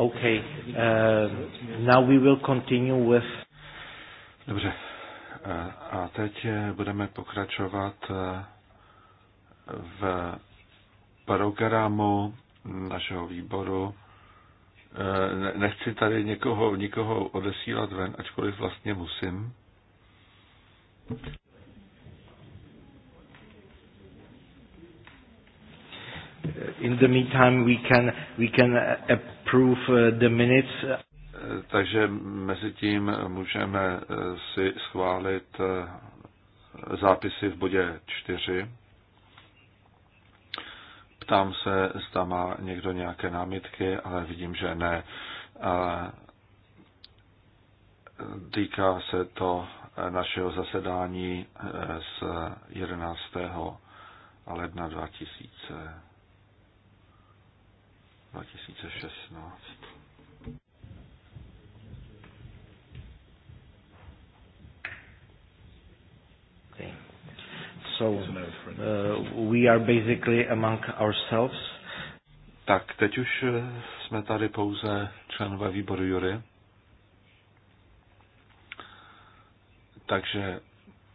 Okay. Uh, now we will continue with... Dobře. Uh, a teď budeme pokračovat uh, v programu našeho výboru. Uh, nechci tady někoho, nikoho odesílat ven, ačkoliv vlastně musím. In the meantime, we can, we can approve eh, the minutes. Eh, takže mezi tím můžeme eh, si schválit zápisy v bodě 4. Ptám se, zda má někdo nějaké námitky, ale vidím, že ne. Týká se to našeho zasedání z 11. ledna 2000. 2016. So, uh, we are basically among ourselves. Tak, teď už uh, jsme tady pouze členové výboru Jury. Takže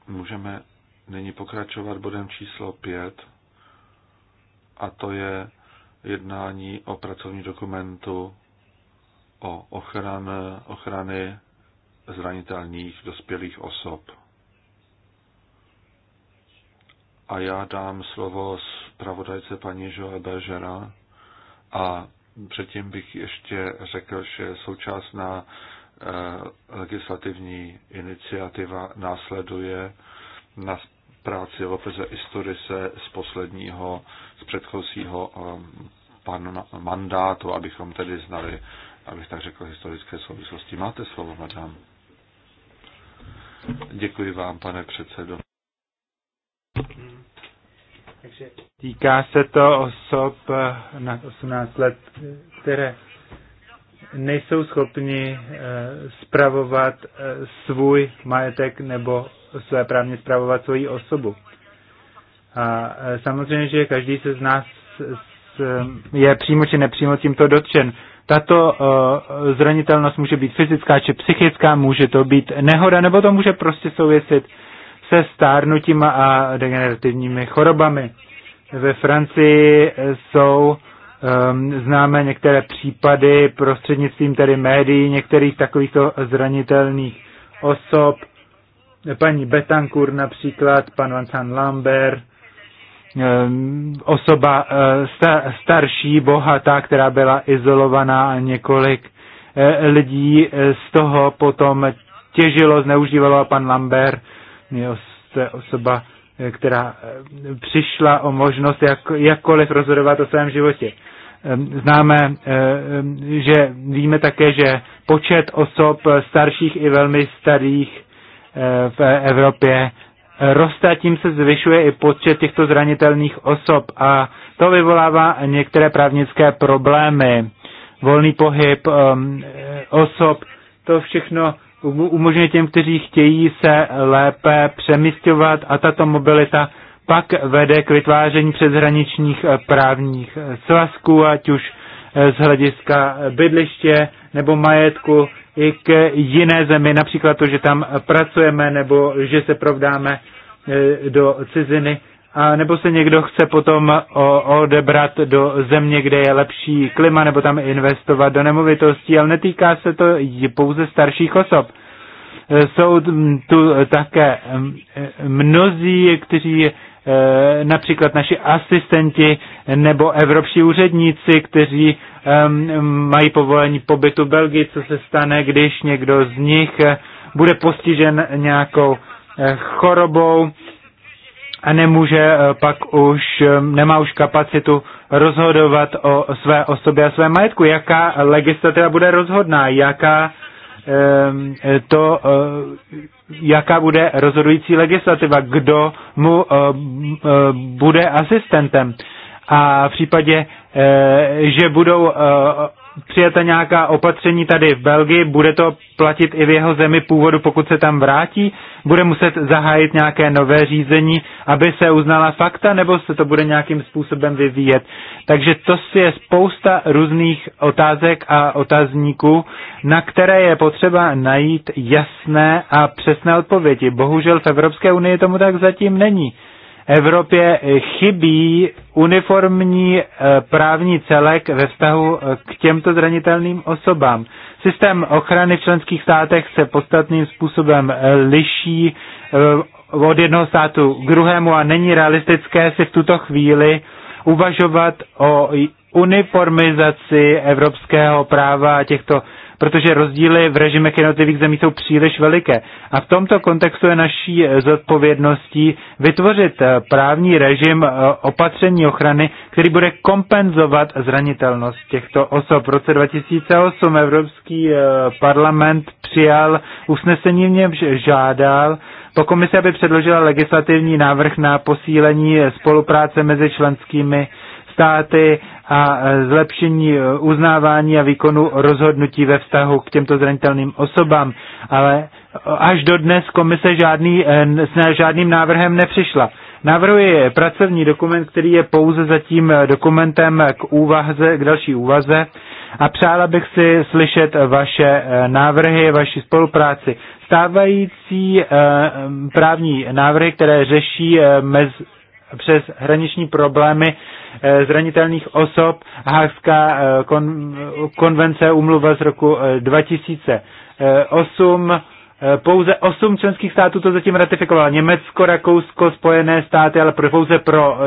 můžeme nyní pokračovat bodem číslo 5 a to je jednání o pracovní dokumentu o ochran, ochrany zranitelných dospělých osob. A já dám slovo pravodajce paní Joa Bergera a předtím bych ještě řekl, že současná eh, legislativní iniciativa následuje na práci Lopeze Istorise z posledního, z předchozího um, pan, mandátu, abychom tedy znali, abych tak řekl, historické souvislosti. Máte slovo, madam. Děkuji vám, pane předsedo. Takže týká se to osob na 18 let, které nejsou schopni eh, spravovat eh, svůj majetek nebo své právně zpravovat svoji osobu. A e, samozřejmě, že každý se z nás je přímo či nepřímo tímto dotčen. Tato e, zranitelnost může být fyzická či psychická, může to být nehoda, nebo to může prostě souvisit se stárnutím a degenerativními chorobami. Ve Francii jsou um, ehm, známe některé případy prostřednictvím tedy médií některých takovýchto zranitelných osob, paní Betancourt například, pan Vincent Lambert, eh, osoba eh, starší, bohatá, která byla izolovaná a několik eh, lidí z toho potom těžilo, zneužívalo a pan Lambert je osoba, která přišla o možnost jak, jakkoliv rozhodovat o svém životě. Ehm, známe, ehm, že víme také, že počet osob starších i velmi starých Eh, v Evropě roste a tím se zvyšuje i počet těchto zranitelných osob a to vyvolává některé právnické problémy. Volný pohyb um, osob, to všechno umožňuje těm, kteří chtějí se lépe přemysťovat a tato mobilita pak vede k vytváření přeshraničních eh, právních eh, svazků, ať už z hlediska bydliště nebo majetku i k jiné zemi, například to, že tam pracujeme nebo že se provdáme e, do ciziny, a nebo se někdo chce potom odebrat do země, kde je lepší klima, nebo tam investovat do nemovitostí, ale netýká se to pouze starších osob. E, jsou tu také e, mnozí, kteří Eh, například naši asistenti nebo evropští úředníci, kteří mají povolení pobytu Belgii, co se stane, když někdo z nich eh, bude postižen nějakou eh, chorobou a nemůže pak už, nemá už kapacitu rozhodovat o své osobě a své majetku. Jaká legislativa bude rozhodná, jaká to jaká bude rozhodující legislativa, kdo mu eh, eh, bude asistentem. A v případě, eh, že budou přijata nějaká opatření tady v Belgii, bude to platit i v jeho zemi původu, pokud se tam vrátí? Bude muset zahájit nějaké nové řízení, aby se uznala fakta, nebo se to bude nějakým způsobem vyvíjet? Takže to je spousta různých otázek a otazníků, na které je potřeba najít jasné a přesné odpovědi. Bohužel v Evropské unii tomu tak zatím není. Evropě chybí uniformní eh, právní celek ve vztahu eh, k těmto zranitelným osobám. Systém ochrany v členských státech se podstatným způsobem eh, liší od jednoho státu k druhému a není realistické si v tuto chvíli uvažovat o uniformizaci evropského práva těchto protože rozdíly v režimech jednotlivých zemí jsou příliš veliké. A v tomto kontextu je naší zodpovědností vytvořit eh, právní režim eh, opatření ochrany, který bude kompenzovat zranitelnost těchto osob. V roce 2008 Evropský eh, parlament přijal usnesení, v němž žádal po komisi, aby předložila legislativní návrh na posílení spolupráce mezi členskými státy a e, zlepšení e, uznávání a výkonu rozhodnutí ve vztahu k těmto zranitelným osobám, ale e, až do dnes komise žádný, s žádným návrhem nepřišla. Navrhuji pracovní dokument, který je pouze zatím dokumentem k, úvaze, k další úvaze a přála bych si slyšet vaše návrhy, vaši spolupráci. Stávající právní návrhy, které řeší mez, přes hraniční problémy eh, zranitelných osob Hákská eh, kon, konvence umluva z roku 2008. Eh, pouze osm členských států to zatím ratifikovalo. Německo, Rakousko, Spojené státy, ale pouze pro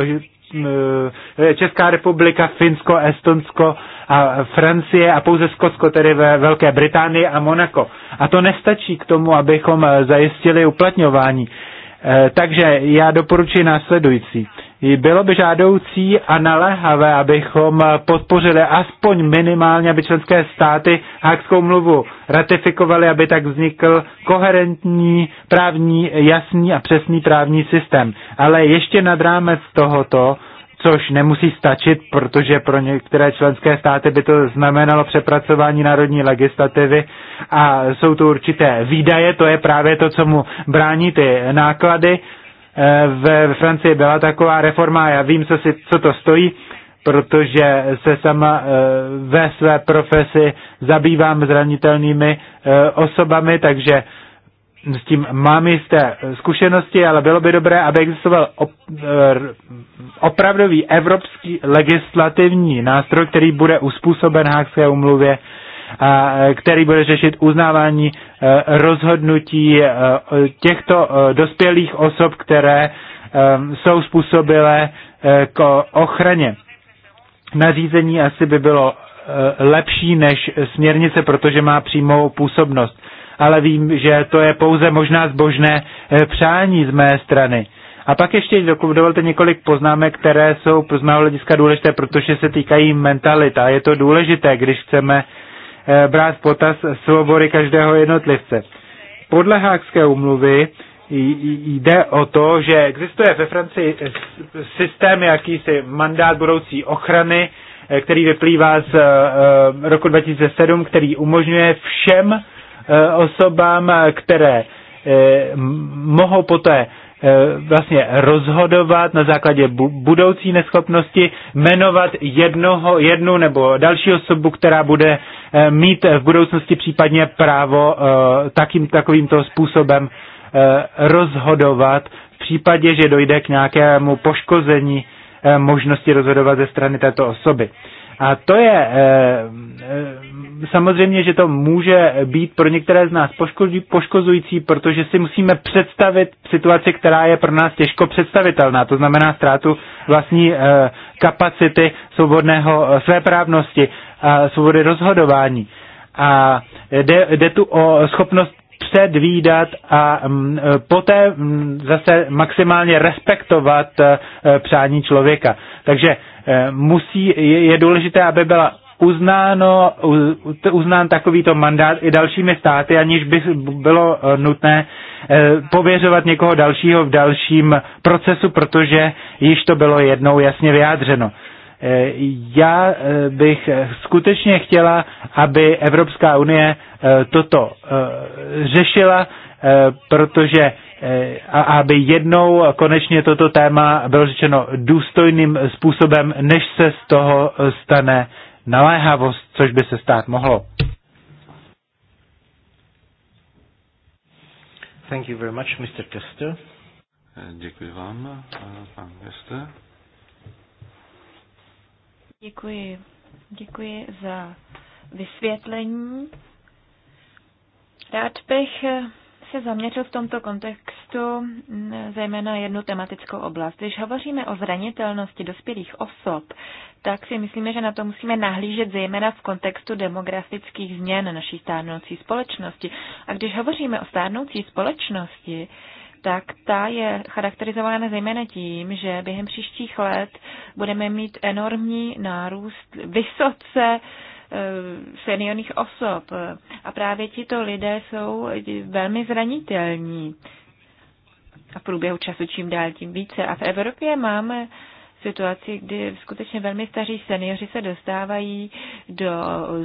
Česká republika, Finsko, Estonsko a Francie a pouze Skotsko, tedy ve Velké Británii a Monako. A to nestačí k tomu, abychom zajistili uplatňování. Eh, takže já doporučuji následující. Bylo by žádoucí a naléhavé, abychom podpořili aspoň minimálně, aby členské státy Hákskou mluvu ratifikovali, aby tak vznikl koherentní, právní, jasný a přesný právní systém. Ale ještě nad rámec tohoto což nemusí stačit, protože pro některé členské státy by to znamenalo přepracování národní legislativy a jsou tu určité výdaje, to je právě to, co mu brání ty náklady. E, ve Francii byla taková reforma, já vím, co, si, co to stojí, protože se sama e, ve své profesi zabývám zranitelnými e, osobami, takže s tím mám jisté zkušenosti, ale bylo by dobré, aby existoval op, eh, opravdový evropský legislativní nástroj, který bude uspůsoben Hákské umluvě, a eh, který bude řešit uznávání eh, rozhodnutí těchto dospělých osob, které jsou způsobilé k ochraně. Nařízení asi by bylo lepší než směrnice, protože má přímou působnost ale vím, že to je pouze možná zbožné eh, přání z mé strany. A pak ještě dovolte několik poznámek, které jsou z mého hlediska důležité, protože se týkají mentalita. Je to důležité, když chceme eh, brát potaz svobody každého jednotlivce. Podle Hákské umluvy jde o to, že existuje ve Francii eh, systém jakýsi mandát budoucí ochrany, který vyplývá z roku 2007, který umožňuje všem Eh, osobám, které eh, mohou poté eh, vlastně rozhodovat na základě budoucí neschopnosti jmenovat jednoho, jednu nebo další osobu, která bude mít v budoucnosti případně právo takým, takovýmto způsobem rozhodovat v případě, že dojde k nějakému poškození možnosti rozhodovat ze strany této osoby. A to je samozřejmě, že to může být pro některé z nás poškozující, protože si musíme představit situaci, která je pro nás těžko představitelná. To znamená ztrátu vlastní eh, kapacity svobodného eh, své právnosti, eh, svobody rozhodování. A jde, jde tu o schopnost předvídat a mm, poté mm, zase maximálně respektovat přání člověka. Takže musí, je důležité, aby byla uznáno, uznán takovýto mandát i dalšími státy, aniž by bylo eh, nutné eh, pověřovat někoho dalšího v dalším procesu, protože již to bylo jednou jasně vyjádřeno. Eh, já bych skutečně chtěla, aby Evropská unie toto řešila, protože a aby jednou konečně toto téma bylo řečeno důstojným způsobem, než se z toho stane naléhavost, což by se stát mohlo. Thank you very much, Mr. Kester. Děkuji vám, pan Kester. Děkuji. Děkuji za vysvětlení. Rád bych se zaměřil v tomto kontextu mm, zejména jednu tematickou oblast. Když hovoříme o zranitelnosti dospělých osob, tak si myslíme, že na to musíme nahlížet zejména v kontextu demografických změn naší stárnoucí společnosti. A když hovoříme o stárnoucí společnosti, tak ta je charakterizována zejména tím, že během příštích let budeme mít enormní nárůst vysoce uh, Eh, seniorních osob. A právě tito lidé jsou velmi zranitelní. A v průběhu času čím dál tím více. A v Evropě máme situaci, kdy skutečně velmi staří seniori se dostávají do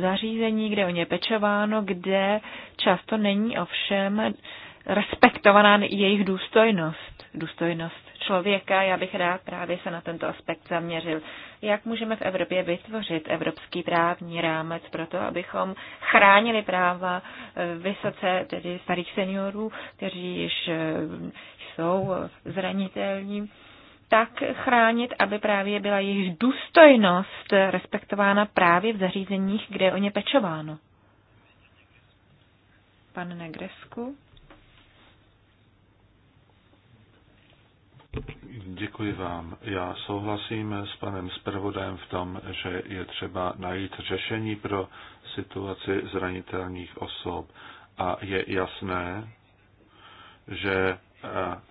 zařízení, kde o ně pečováno, kde často není ovšem respektovaná jejich důstojnost, důstojnost člověka. Já bych rád právě se na tento aspekt zaměřil. Jak můžeme v Evropě vytvořit evropský právní rámec pro to, abychom chránili práva eh, vysoce, tedy starých seniorů, kteří již eh, jsou zranitelní, tak chránit, aby právě byla jejich důstojnost respektována právě v zařízeních, kde je o ně pečováno. Pan Negresku. Děkuji vám. Já souhlasím s panem Spravodajem v tom, že je třeba najít řešení pro situaci zranitelných osob. A je jasné, že,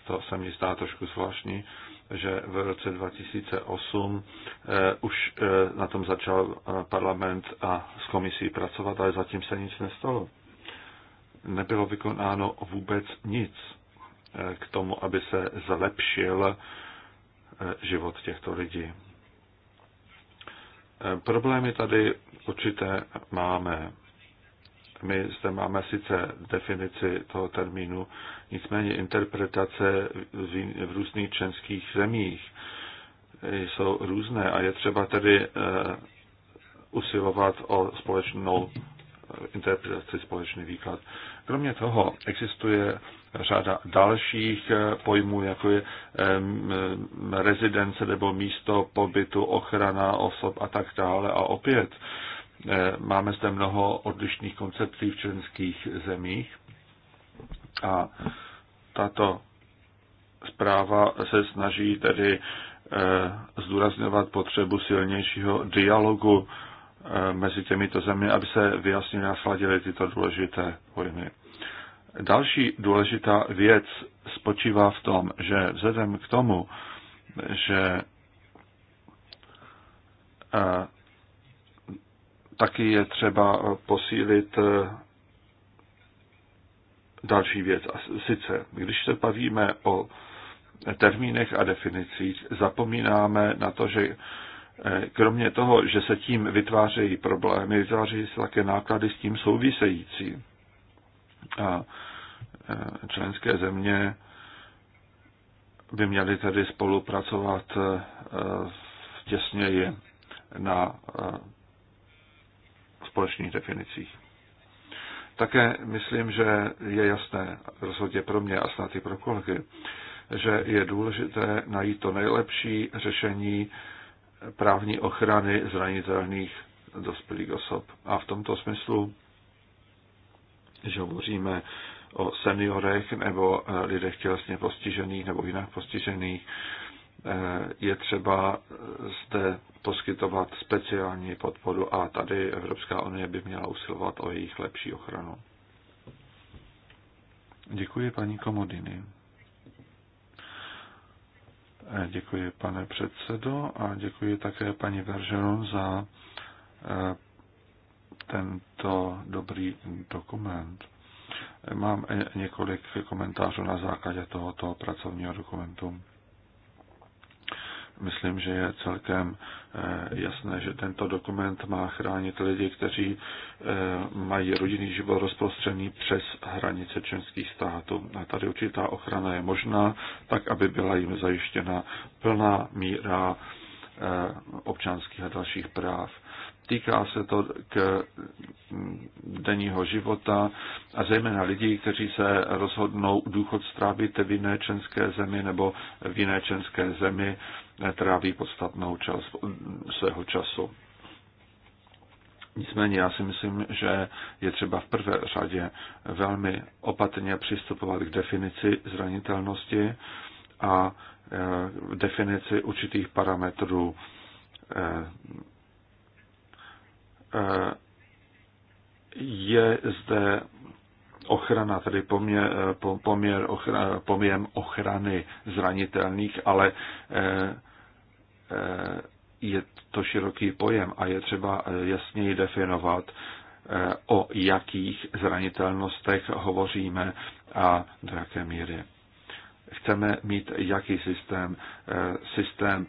to se mi zdá trošku zvláštní, že v roce 2008 e, už e, na tom začal e, parlament a s komisí pracovat, ale zatím se nic nestalo. Nebylo vykonáno vůbec nic k tomu, aby se zlepšil eh, život těchto lidí. Eh, problémy tady určité máme. My zde máme sice definici toho termínu, nicméně interpretace v různých členských zemích eh, jsou různé a je třeba tedy usilovat o společnou interpretaci, společný výklad. Kromě toho existuje řada dalších pojmů, jako je rezidence nebo místo pobytu, ochrana osob a tak dále. A opět eh, máme zde mnoho odlišných koncepcí v členských zemích a tato zpráva se snaží tedy eh, zdůrazňovat potřebu silnějšího dialogu mezi těmito zeměmi, aby se vyjasnili a sladili tyto důležité pojmy. Další důležitá věc spočívá v tom, že vzhledem k tomu, že eh, taky je třeba posílit eh, další věc. A sice, když se bavíme o termínech a definicích, zapomínáme na to, že Eh, kromě toho, že se tím vytvářejí problémy, vytvářejí se také náklady s tím související. A eh, členské země by měly tedy spolupracovat eh, těsněji na společných definicích. Také myslím, že je jasné, rozhodně pro mě a snad i pro kolegy, že je důležité najít to nejlepší řešení právní ochrany zranitelných dospělých osob. A v tomto smyslu, že hovoříme o seniorech nebo eh, lidech tělesně postižených nebo jinak postižených, eh, je třeba zde poskytovat speciální podporu a tady Evropská unie by měla usilovat o jejich lepší ochranu. Děkuji paní Komodiny. Děkuji, pane předsedo, a děkuji také paní Veržeron za eh, tento dobrý dokument. Mám několik komentářů na základě tohoto pracovního dokumentu myslím, že je celkem eh, jasné, že tento dokument má chránit lidi, kteří eh, mají rodinný život rozprostřený přes hranice členských států. A tady určitá ochrana je možná, tak aby byla jim zajištěna plná míra eh, občanských a dalších práv. Týká se to k mm, denního života a zejména lidí, kteří se rozhodnou důchod strávit v jiné členské zemi nebo v jiné členské zemi tráví podstatnou část svého času. Nicméně já si myslím, že je třeba v prvé řadě velmi opatrně přistupovat k definici zranitelnosti a e, definici určitých parametrů e, e, je zde ochrana, tedy poměr, poměr ochra, poměr ochrany zranitelných, ale Eh, je to široký pojem a je třeba eh, jasněji definovat, eh, o jakých zranitelnostech hovoříme a do jaké míry. Chceme mít jaký systém? Systém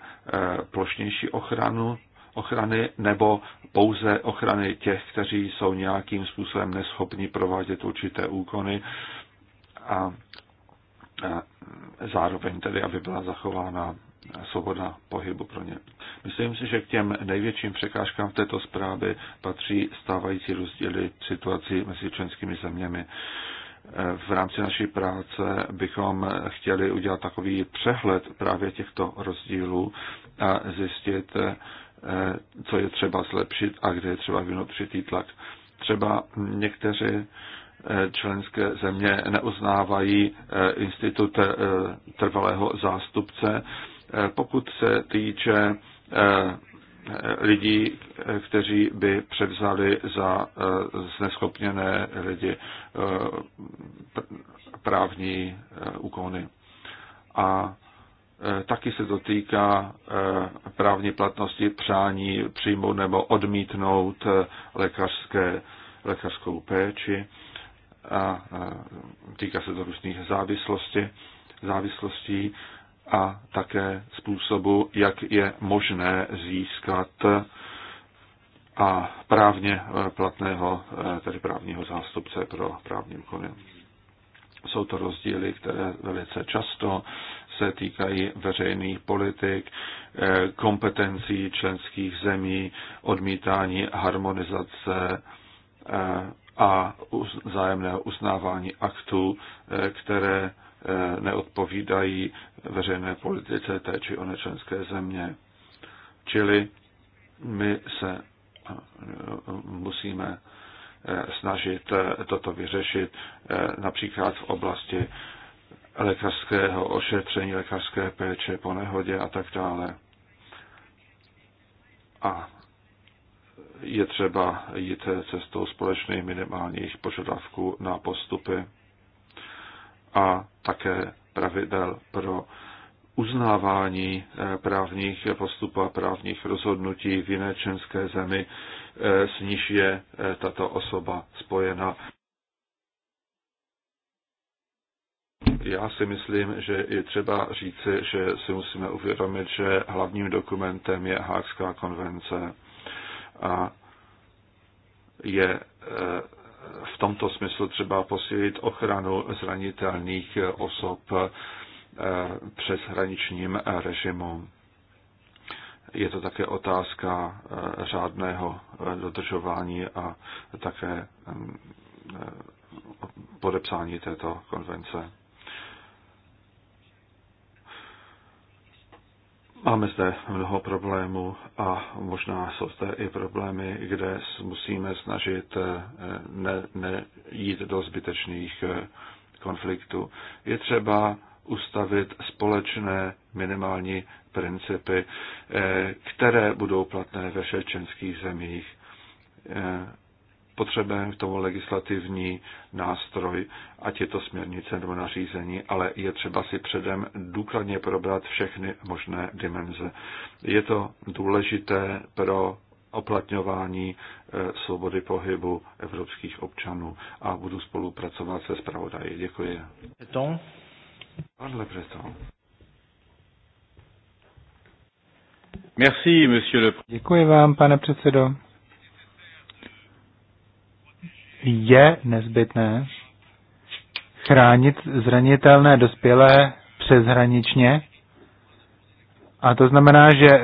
plošnější ochranu, ochrany nebo pouze ochrany těch, kteří jsou nějakým způsobem neschopni provádět určité úkony a zároveň tedy, aby byla zachována svoboda pohybu pro ně. Myslím si, že k těm největším překážkám v této zprávě patří stávající rozdíly v situaci mezi členskými zeměmi. V rámci naší práce bychom chtěli udělat takový přehled právě těchto rozdílů a zjistit, eh, co je třeba zlepšit a kde je třeba vynout přitý tlak. Třeba někteří eh, členské země neuznávají eh, institut trvalého zástupce, Eh, pokud se týče eh, lidí, kteří by převzali za eh, zneschopněné lidi právní úkony. A taky se to týká právní platnosti přání přijmout nebo odmítnout lékařské, lékařskou péči a týká se to různých závislosti, závislostí a také způsobu, jak je možné získat a právně eh, platného, eh, tedy právního zástupce pro právní úkony. Jsou to rozdíly, které velice často se týkají veřejných politik, eh, kompetencí členských zemí, odmítání harmonizace a vzájemného uznávání aktů, které neodpovídají veřejné politice té či oné členské země. Čili my se eh, musíme eh, snažit eh, toto vyřešit například v oblasti lékařského ošetření, lékařské péče po nehodě a tak dále. A je třeba jít cestou společných minimálních požadavků na postupy a také pravidel pro uznávání eh, právních postupů a právních rozhodnutí v jiné členské zemi, eh, s níž je eh, tato osoba spojena. Já si myslím, že je třeba říci, že si musíme uvědomit, že hlavním dokumentem je Hákská konvence a je v tomto smyslu třeba posílit ochranu zranitelných osob eh, přes hraničním režimu. Je to také otázka eh, řádného eh, dodržování a také mm, podepsání této konvence. Máme zde mnoho problémů a možná jsou zde i problémy, kde musíme snažit eh, ne, ne jít do zbytečných eh, konfliktů. Je třeba ustavit společné minimální principy, eh, které budou platné ve všech členských zemích potřebujeme k tomu legislativní nástroj, ať je to směrnice nebo nařízení, ale je třeba si předem důkladně probrat všechny možné dimenze. Je to důležité pro oplatňování e, svobody pohybu evropských občanů a budu spolupracovat se zpravodaji. Děkuji. Breton. Pan Breton. Merci, monsieur le... Děkuji vám, pane předsedo je nezbytné chránit zranitelné dospělé přeshraničně. A to znamená, že eh,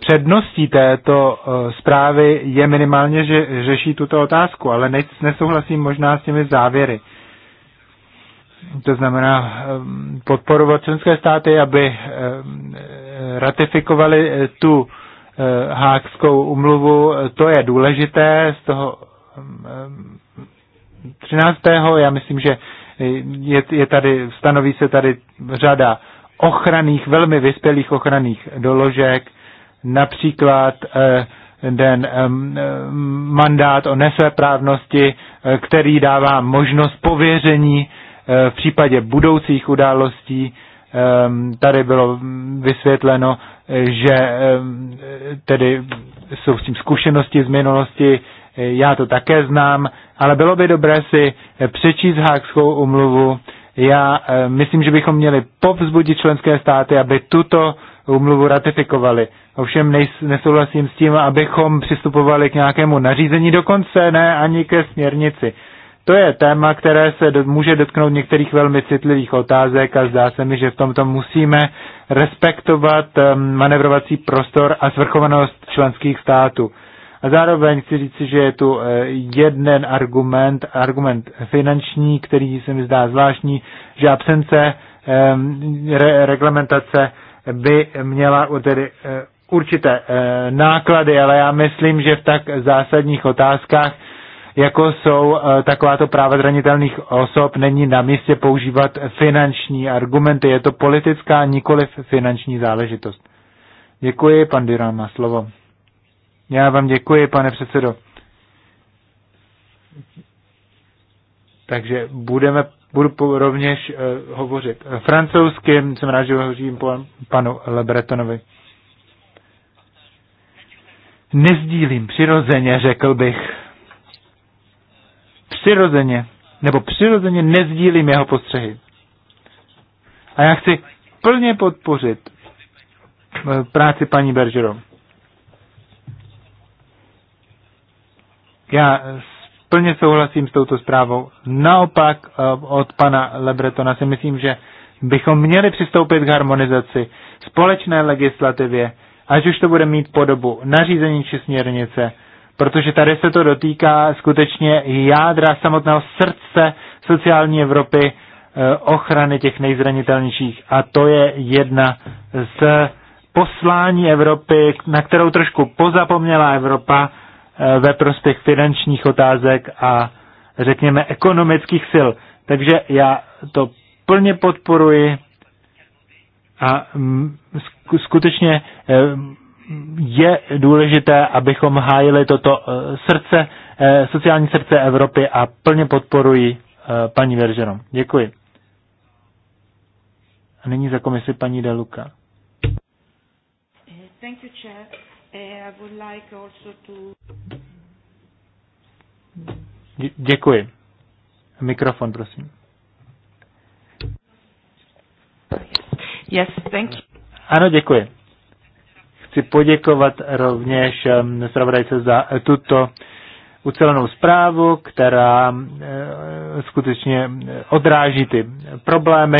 předností této eh, zprávy je minimálně, že řeší tuto otázku, ale nesouhlasím možná s těmi závěry. To znamená eh, podporovat členské státy, aby ratifikovali tu hákskou umluvu. To je důležité, z toho 13. Já myslím, že je, je tady, stanoví se tady řada ochranných, velmi vyspělých ochranných doložek, například ten eh, eh, mandát o nesvéprávnosti, eh, který dává možnost pověření v případě budoucích událostí. Tady bylo vysvětleno, že tedy jsou s tím zkušenosti z minulosti, já to také znám, ale bylo by dobré si přečíst Hákskou umluvu. Já eh, myslím, že bychom měli povzbudit členské státy, aby tuto umluvu ratifikovali. Ovšem nesouhlasím s tím, abychom přistupovali k nějakému nařízení, dokonce ne ani ke směrnici. To je téma, které se do, může dotknout některých velmi citlivých otázek a zdá se mi, že v tomto musíme respektovat um, manevrovací prostor a svrchovanost členských států. A zároveň chci říci, že je tu eh, jeden argument, argument finanční, který se mi zdá zvláštní, že absence ehm, re, reglementace by měla eh, tedy eh, určité náklady, ale já myslím, že v tak zásadních otázkách, jako jsou takováto práva zranitelných osob, není na místě používat finanční argumenty. Je to politická, nikoli finanční záležitost. Děkuji, pan Diran, na slovo. Já vám děkuji, pane předsedo. Takže budeme, budu rovněž uh, hovořit eh, francouzsky, jsem rád, že hovořím po panu Lebretonovi. Nezdílím přirozeně, řekl bych. Přirozeně, nebo přirozeně nezdílím jeho postřehy. A já chci plně podpořit eh, práci paní Bergeron. Já plně souhlasím s touto zprávou. Naopak eh, od pana Lebretona si myslím, že bychom měli přistoupit k harmonizaci společné legislativě, ať už to bude mít podobu nařízení či směrnice, protože tady se to dotýká skutečně jádra samotného srdce sociální Evropy, eh, ochrany těch nejzranitelnějších. A to je jedna z poslání Evropy, na kterou trošku pozapomněla Evropa Eh, ve prospěch finančních otázek a řekněme ekonomických sil. Takže já to plně podporuji a mm, skutečně eh, je důležité, abychom hájili toto eh, srdce, sociální srdce Evropy a plně podporuji paní Veržerom. Děkuji. A nyní za komisi paní Deluka. Thank you, Chair. Eh, děkuji. Mikrofon, prosím. Yes, thank you. Ano, děkuji. Chci poděkovat rovněž um, zpravodajce za eh, tuto ucelenou zprávu, která eh, skutečně odráží ty problémy,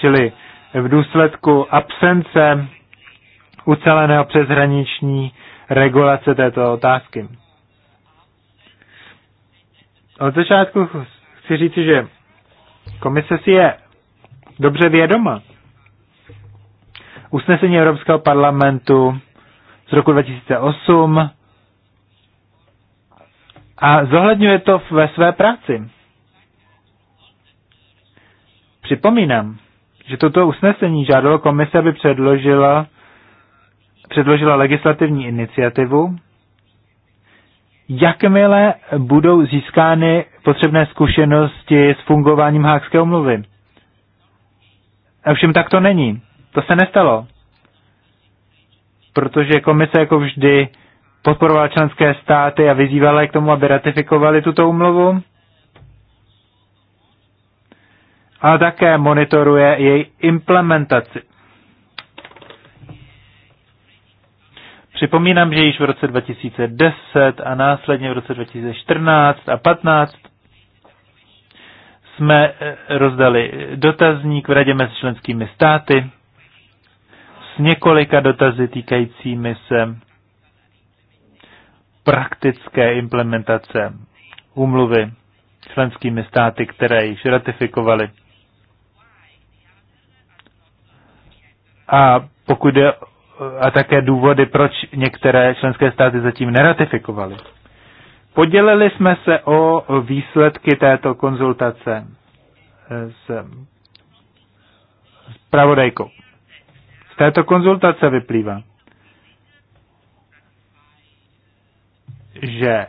čili v důsledku absence uceleného přeshraniční regulace této otázky. Od začátku chci říci, že komise si je dobře vědoma. Usnesení Evropského parlamentu z roku 2008 a zohledňuje to ve své práci. Připomínám, že toto usnesení žádalo komise, aby předložila předložila legislativní iniciativu, jakmile budou získány potřebné zkušenosti s fungováním hákské omluvy. Ovšem tak to není. To se nestalo. Protože komise jako vždy podporovala členské státy a vyzývala je k tomu, aby ratifikovali tuto umluvu. A také monitoruje její implementaci. Připomínám, že již v roce 2010 a následně v roce 2014 a 15 jsme eh, rozdali dotazník v radě mezi členskými státy s několika dotazy týkajícími se praktické implementace úmluvy členskými státy, které již ratifikovaly. A pokud jde a také důvody, proč některé členské státy zatím neratifikovaly. Podělili jsme se o výsledky této konzultace eh, s pravodajkou. Z této konzultace vyplývá, že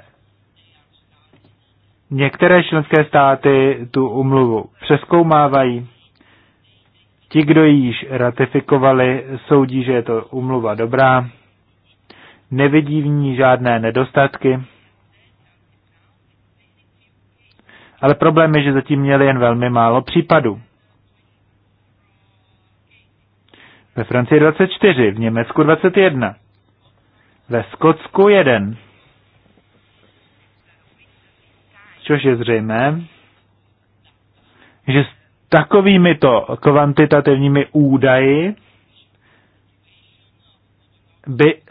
některé členské státy tu umluvu přeskoumávají, Ti, kdo ji již ratifikovali, soudí, že je to umluva dobrá, nevidí v ní žádné nedostatky, ale problém je, že zatím měli jen velmi málo případů. Ve Francii 24, v Německu 21, ve Skotsku 1. Což je zřejmé, že takovými to kvantitativními údaji by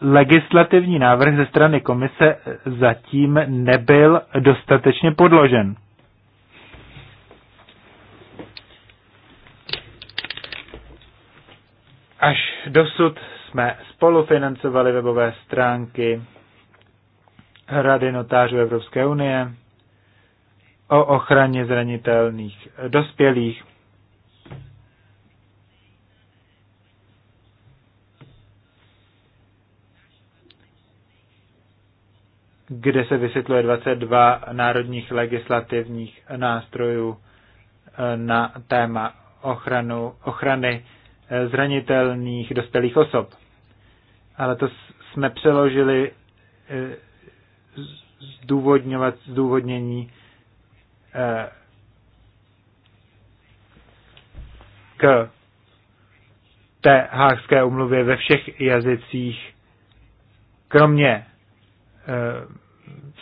legislativní návrh ze strany komise zatím nebyl dostatečně podložen. Až dosud jsme spolufinancovali webové stránky Rady notářů Evropské unie, o ochraně zranitelných eh, dospělých. kde se vysvětluje 22 národních legislativních nástrojů eh, na téma ochranu, ochrany eh, zranitelných dospělých osob. Ale to jsme přeložili zdůvodňovat zdůvodnění Eh, k té hákské umluvě ve všech jazycích, kromě eh,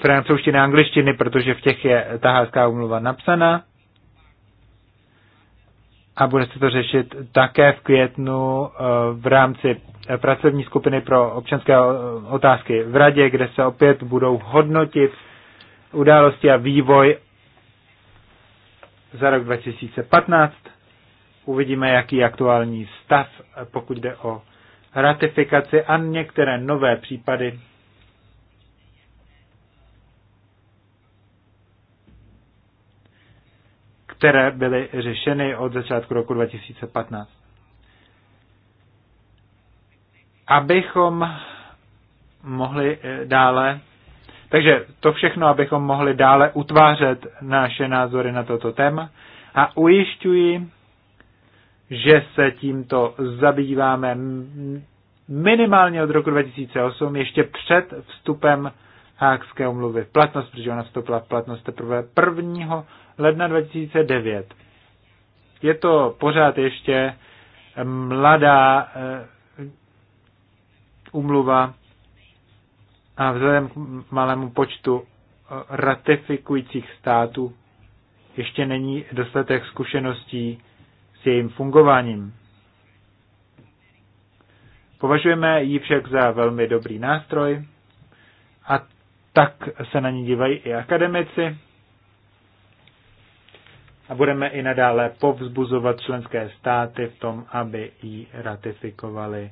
francouzštiny a angličtiny, protože v těch je ta hákská umluva napsaná. A bude se to řešit také v květnu eh, v rámci pracovní skupiny pro občanské otázky v radě, kde se opět budou hodnotit události a vývoj za rok 2015. Uvidíme, jaký je aktuální stav, pokud jde o ratifikaci a některé nové případy. které byly řešeny od začátku roku 2015. Abychom mohli eh, dále takže to všechno, abychom mohli dále utvářet naše názory na toto téma. A ujišťuji, že se tímto zabýváme minimálně od roku 2008, ještě před vstupem Hákské umluvy v platnost, protože ona vstoupila v platnost teprve 1. ledna 2009. Je to pořád ještě mladá eh, umluva, a vzhledem k malému počtu eh, ratifikujících států ještě není dostatek zkušeností s jejím fungováním. Považujeme ji však za velmi dobrý nástroj a tak se na ní dívají i akademici a budeme i nadále povzbuzovat členské státy v tom, aby ji ratifikovali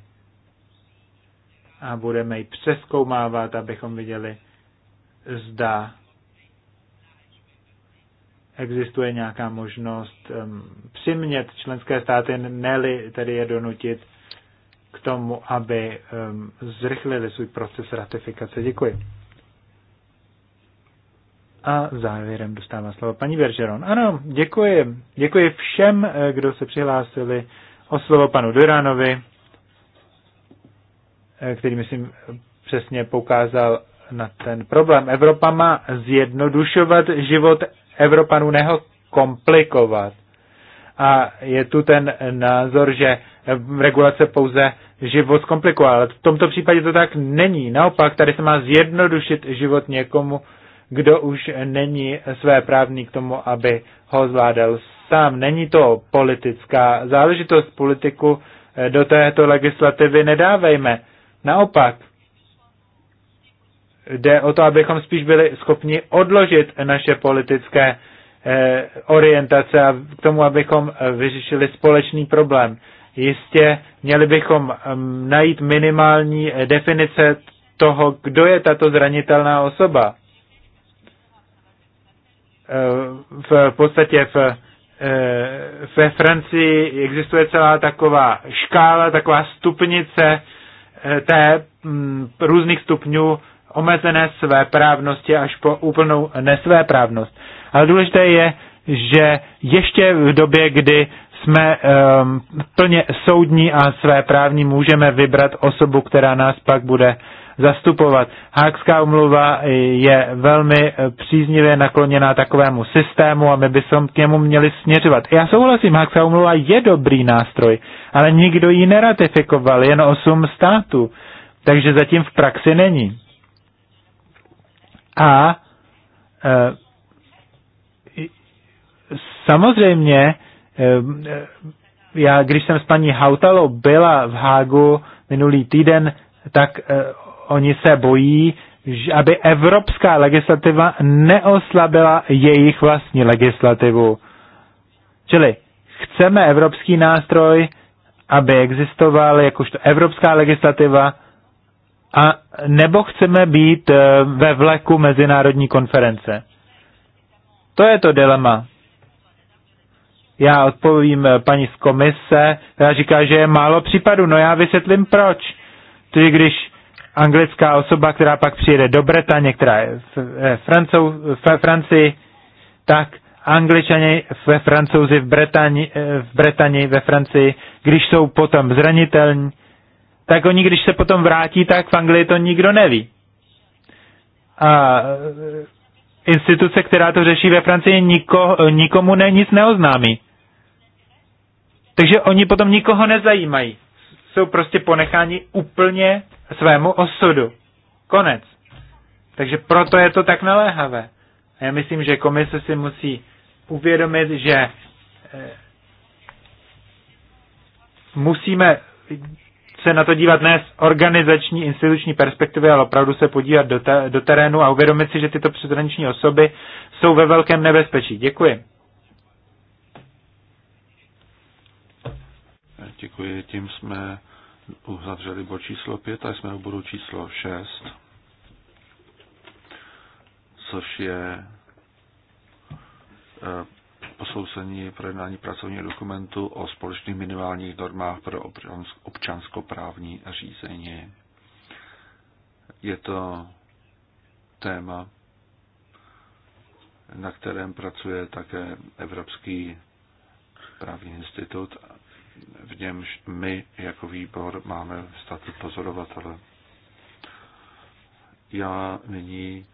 a budeme ji přeskoumávat, abychom viděli, zda existuje nějaká možnost um, přimět členské státy, neli tedy je donutit k tomu, aby um, zrychlili svůj proces ratifikace. Děkuji. A závěrem dostává slovo paní Veržeron. Ano, děkuji. Děkuji všem, eh, kdo se přihlásili o slovo panu Duránovi. Eh, který, myslím, přesně poukázal na ten problém. Evropa má zjednodušovat život Evropanů, neho komplikovat. A je tu ten názor, že regulace pouze život zkomplikuje, Ale v tomto případě to tak není. Naopak, tady se má zjednodušit život někomu, kdo už není své právní k tomu, aby ho zvládal sám. Není to politická záležitost. Politiku eh, do této legislativy nedávejme. Naopak, jde o to, abychom spíš byli schopni odložit naše politické eh, orientace a k tomu, abychom eh, vyřešili společný problém. Jistě měli bychom mm, najít minimální eh, definice toho, kdo je tato zranitelná osoba. V podstatě v, ve Francii existuje celá taková škála, taková stupnice Eh, té mm, různých stupňů omezené své právnosti až po úplnou nesvéprávnost. Ale důležité je, že ještě v době, kdy jsme um, plně soudní a své právní můžeme vybrat osobu, která nás pak bude zastupovat. Hákská umluva je velmi eh, příznivě nakloněná takovému systému a my bychom k němu měli směřovat. Já souhlasím, Hákská umluva je dobrý nástroj, ale nikdo ji neratifikoval, jen osm států, takže zatím v praxi není. A e, samozřejmě e, já, když jsem s paní Hautalo byla v Hágu minulý týden, tak oni se bojí, aby evropská legislativa neoslabila jejich vlastní legislativu. Čili chceme evropský nástroj, aby existoval jakožto evropská legislativa, a nebo chceme být eh, ve vleku mezinárodní konference. To je to dilema. Já odpovím eh, paní z komise, která říká, že je málo případů. No já vysvětlím proč. Tedy když anglická osoba, která pak přijede do Bretaně, která je eh, ve, Francou, Francii, tak angličani ve francouzi v Bretani, eh, v Bretani ve Francii, když jsou potom zranitelní, tak oni, když se potom vrátí, tak v Anglii to nikdo neví. A eh, instituce, která to řeší ve Francii, niko, nikomu ne, nic neoznámí. Takže oni potom nikoho nezajímají. Jsou prostě ponecháni úplně svému osudu. Konec. Takže proto je to tak naléhavé. A já myslím, že komise si musí uvědomit, že eh, musíme se na to dívat ne z organizační, instituční perspektivy, ale opravdu se podívat do, te, do terénu a uvědomit si, že tyto přeshraniční osoby jsou ve velkém nebezpečí. Děkuji. Děkuji, tím jsme uzavřeli bod číslo 5 a jsme u bodu číslo 6, což je eh, posouzení projednání pracovního dokumentu o společných minimálních normách pro občanskoprávní řízení. Je to téma, na kterém pracuje také Evropský právní institut v němž my jako výbor máme statut pozorovatele. Já nyní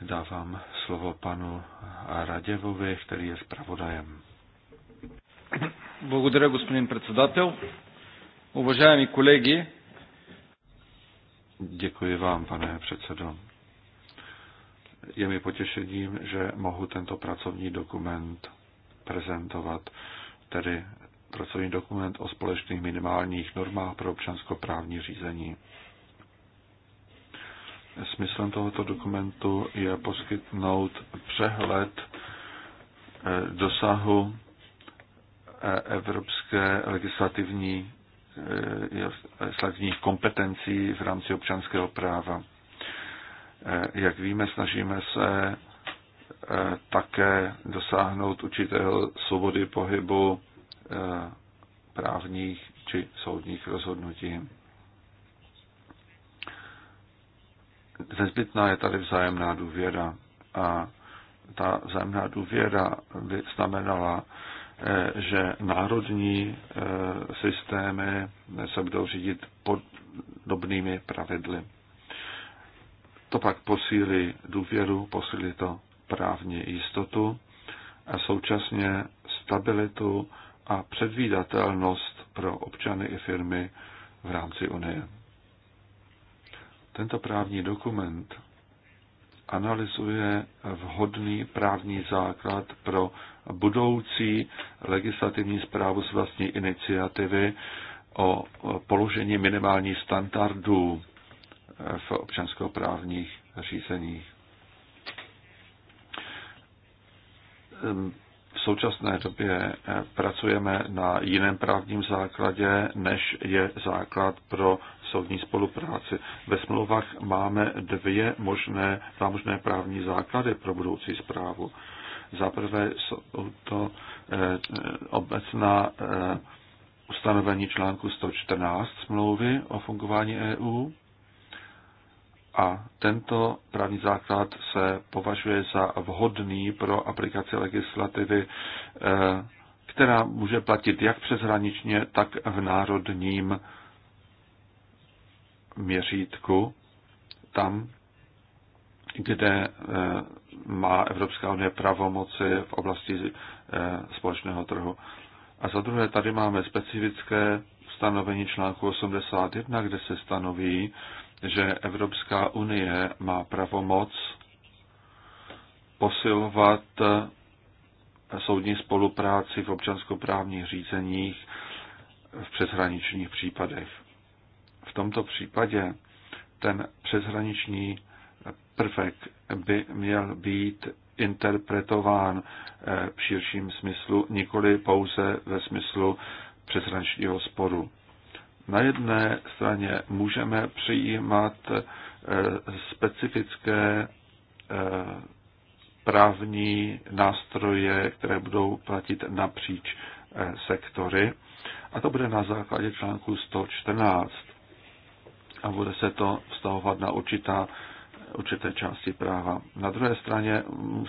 dávám slovo panu Raděvovi, který je zpravodajem. Благодаря, господин председател. Уважаеми колеги, Děkuji vám, pane předsedo. Je mi potěšením, že mohu tento pracovní dokument prezentovat tedy pracovní dokument o společných minimálních normách pro občanskoprávní řízení. Smyslem tohoto dokumentu je poskytnout přehled eh, dosahu eh, evropské legislativní eh, legislativních kompetencí v rámci občanského práva. Jak víme, snažíme se také dosáhnout určitého svobody pohybu Eh, právních či soudních rozhodnutí. Nezbytná je tady vzájemná důvěra a ta vzájemná důvěra by znamenala, eh, že národní eh, systémy se budou řídit pod dobnými pravidly. To pak posílí důvěru, posílí to právní jistotu a současně stabilitu a předvídatelnost pro občany i firmy v rámci Unie. Tento právní dokument analyzuje vhodný právní základ pro budoucí legislativní zprávu z vlastní iniciativy o položení minimálních standardů v občanskoprávních řízeních současné době eh, pracujeme na jiném právním základě, než je základ pro soudní spolupráci. Ve smlouvách máme dvě možné, dva možné právní základy pro budoucí zprávu. Za prvé jsou to eh, obecná eh, ustanovení článku 114 smlouvy o fungování EU a tento právní základ se považuje za vhodný pro aplikaci legislativy, eh, která může platit jak přeshraničně, tak v národním měřítku, tam, kde eh, má Evropská unie pravomoci v oblasti eh, společného trhu. A za druhé, tady máme specifické stanovení článku 81, kde se stanoví, že Evropská unie má pravomoc posilovat soudní spolupráci v občanskoprávních řízeních v přeshraničních případech. V tomto případě ten přeshraniční prvek by měl být interpretován v širším smyslu, nikoli pouze ve smyslu přeshraničního sporu. Na jedné straně můžeme přijímat eh, specifické eh, právní nástroje, které budou platit napříč eh, sektory. A to bude na základě článku 114. A bude se to vztahovat na určitá, určité části práva. Na druhé straně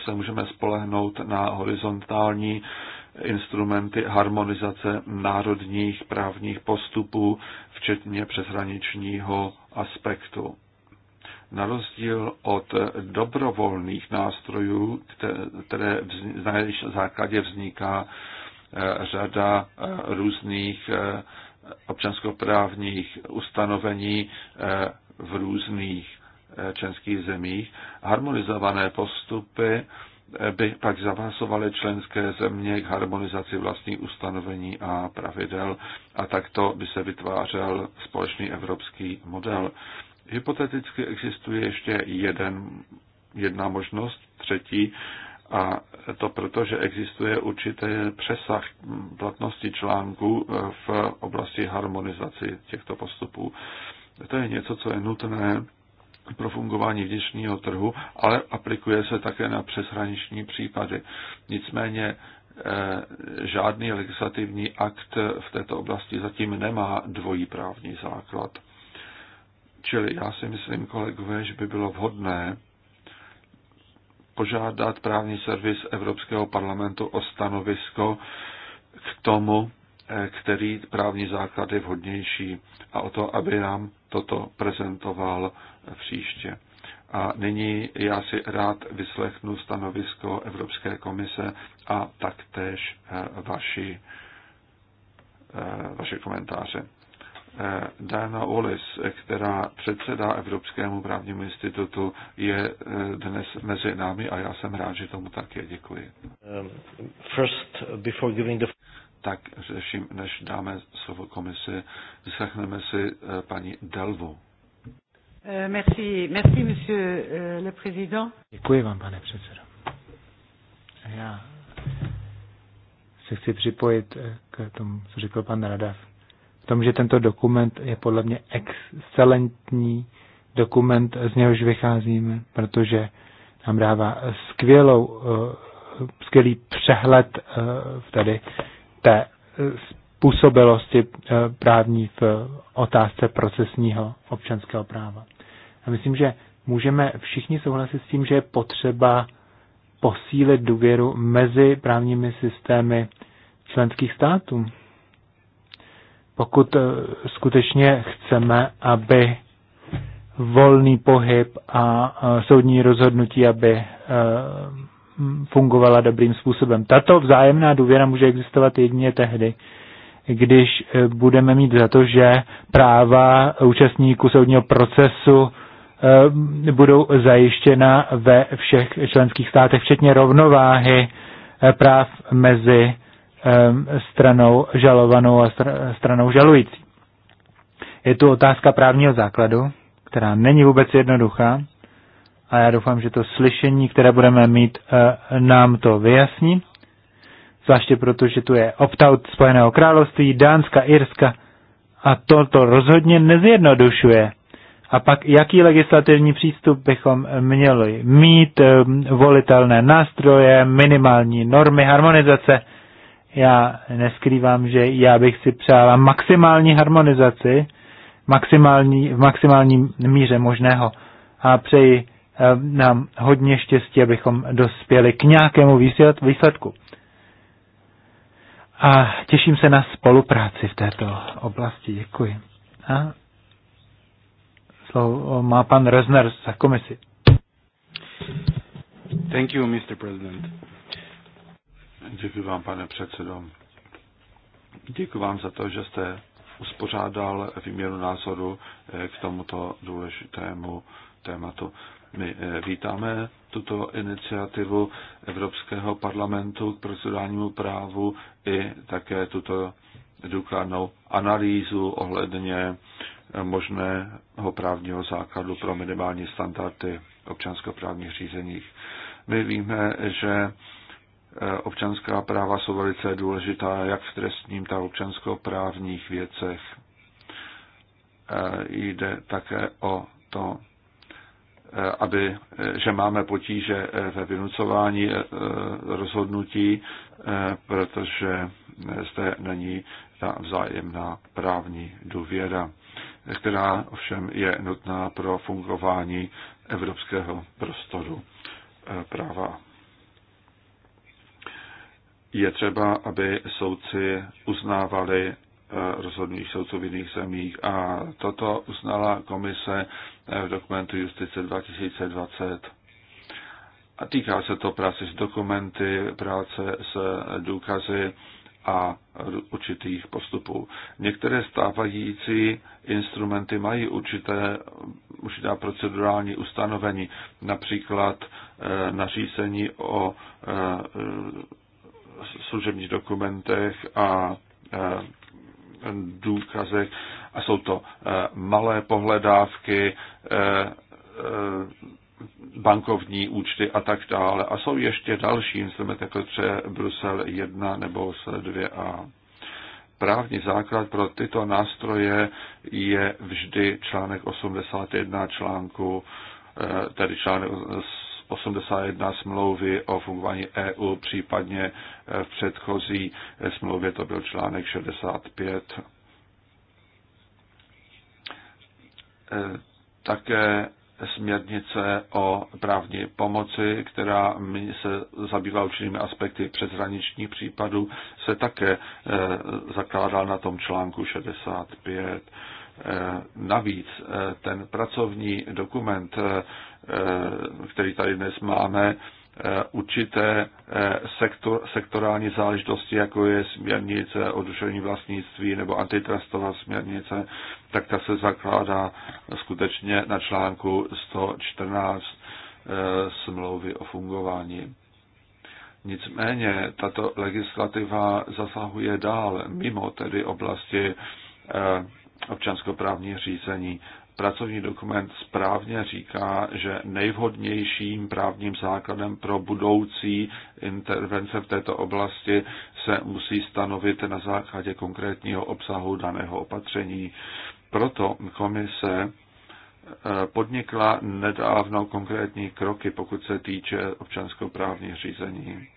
se můžeme spolehnout na horizontální instrumenty harmonizace národních právních postupů, včetně přeshraničního aspektu. Na rozdíl od dobrovolných nástrojů, které na základě vzniká eh, řada eh, různých eh, občanskoprávních ustanovení v různých členských zemích, harmonizované postupy by pak zavazovaly členské země k harmonizaci vlastních ustanovení a pravidel a takto by se vytvářel společný evropský model. Hypoteticky existuje ještě jeden, jedna možnost, třetí, a to proto, že existuje určitý přesah platnosti článků v oblasti harmonizaci těchto postupů. To je něco, co je nutné pro fungování vnitřního trhu, ale aplikuje se také na přeshraniční případy. Nicméně eh, žádný legislativní akt v této oblasti zatím nemá dvojí právní základ. Čili já si myslím, kolegové, že by bylo vhodné požádat právní servis Evropského parlamentu o stanovisko k tomu, eh, který právní základ je vhodnější a o to, aby nám toto prezentoval příště. A nyní já si rád vyslechnu stanovisko Evropské komise a taktéž eh, vaši, eh, vaše komentáře. Eh, Dana Wallis, která předsedá Evropskému právnímu institutu, je dnes mezi námi a já jsem rád, že tomu také Děkuji. Um, first, before giving the tak především, než dáme slovo komisi, vyslechneme si eh, paní Delvu. Eh, merci, merci, monsieur eh, le président. Děkuji vám, pane předsedo. Já se chci připojit k tomu, co řekl pan Radav. V tom, že tento dokument je podle mě excelentní dokument, z něhož vycházíme, protože nám dává skvělou, skvělý přehled tady té eh, způsobilosti eh, právní v otázce procesního občanského práva. A myslím, že můžeme všichni souhlasit s tím, že je potřeba posílit důvěru mezi právními systémy členských států. Pokud eh, skutečně chceme, aby volný pohyb a soudní rozhodnutí, aby fungovala dobrým způsobem. Tato vzájemná důvěra může existovat jedině tehdy, když eh, budeme mít za to, že práva účastníků soudního procesu eh, budou zajištěna ve všech členských státech, včetně rovnováhy eh, práv mezi stranou žalovanou a stranou žalující. Je tu otázka právního základu, která není vůbec jednoduchá, a já doufám, že to slyšení, které budeme mít, eh, nám to vyjasní. Zvláště proto, že tu je opt-out Spojeného království, Dánska, Irska a to to rozhodně nezjednodušuje. A pak, jaký legislativní přístup bychom měli mít, eh, volitelné nástroje, minimální normy, harmonizace. Já neskrývám, že já bych si přála maximální harmonizaci, maximální, v maximální míře možného. A přeji Eh, nám hodně štěstí, abychom dospěli k nějakému výsledku. A těším se na spolupráci v této oblasti. Děkuji. A slovo má pan Rezner za komisi. Thank you, Mr. President. Děkuji vám, pane předsedo. Děkuji vám za to, že jste uspořádal výměru názoru eh, k tomuto důležitému tématu. My eh, vítáme tuto iniciativu Evropského parlamentu k procedurálnímu právu i také tuto důkladnou analýzu ohledně eh, možného právního základu pro minimální standardy občanskoprávních řízeních. My víme, že eh, občanská práva jsou velice důležitá jak v trestním, tak v občanskoprávních věcech. Jde také o to, aby, že máme potíže eh, ve vynucování eh, rozhodnutí, eh, protože zde není ta vzájemná právní důvěra, která ovšem je nutná pro fungování evropského prostoru práva. Je třeba, aby soudci uznávali E, rozhodných soudců v jiných zemích a toto uznala komise e, v dokumentu Justice 2020. A týká se to práce s dokumenty, práce s důkazy a určitých postupů. Některé stávající instrumenty mají určité, určitá procedurální ustanovení, například e, nařízení o e, služebních dokumentech a e, důkazy a jsou to eh, malé pohledávky, eh, eh, bankovní účty a tak dále. A jsou ještě další instrumenty, jako třeba Brusel 1 nebo 2a. Právní základ pro tyto nástroje je vždy článek 81 článku, tedy článek 81 smlouvy o fungování EU, případně eh, v předchozí eh, smlouvě to byl článek 65. Eh, také směrnice o právní pomoci, která se zabývá určitými aspekty přeshraničních případů, se také zakládá na tom článku 65. Navíc ten pracovní dokument Eh, který tady dnes máme, eh, určité eh, sektor, sektorální záležitosti, jako je směrnice o duševní vlastnictví nebo antitrustová směrnice, tak ta se zakládá skutečně na článku 114 smlouvy o fungování. Nicméně tato legislativa zasahuje dál mimo tedy oblasti občanskoprávní řízení pracovní dokument správně říká, že nejvhodnějším právním základem pro budoucí intervence v této oblasti se musí stanovit na základě konkrétního obsahu daného opatření. Proto komise eh, podnikla nedávno konkrétní kroky, pokud se týče občanskoprávních řízení.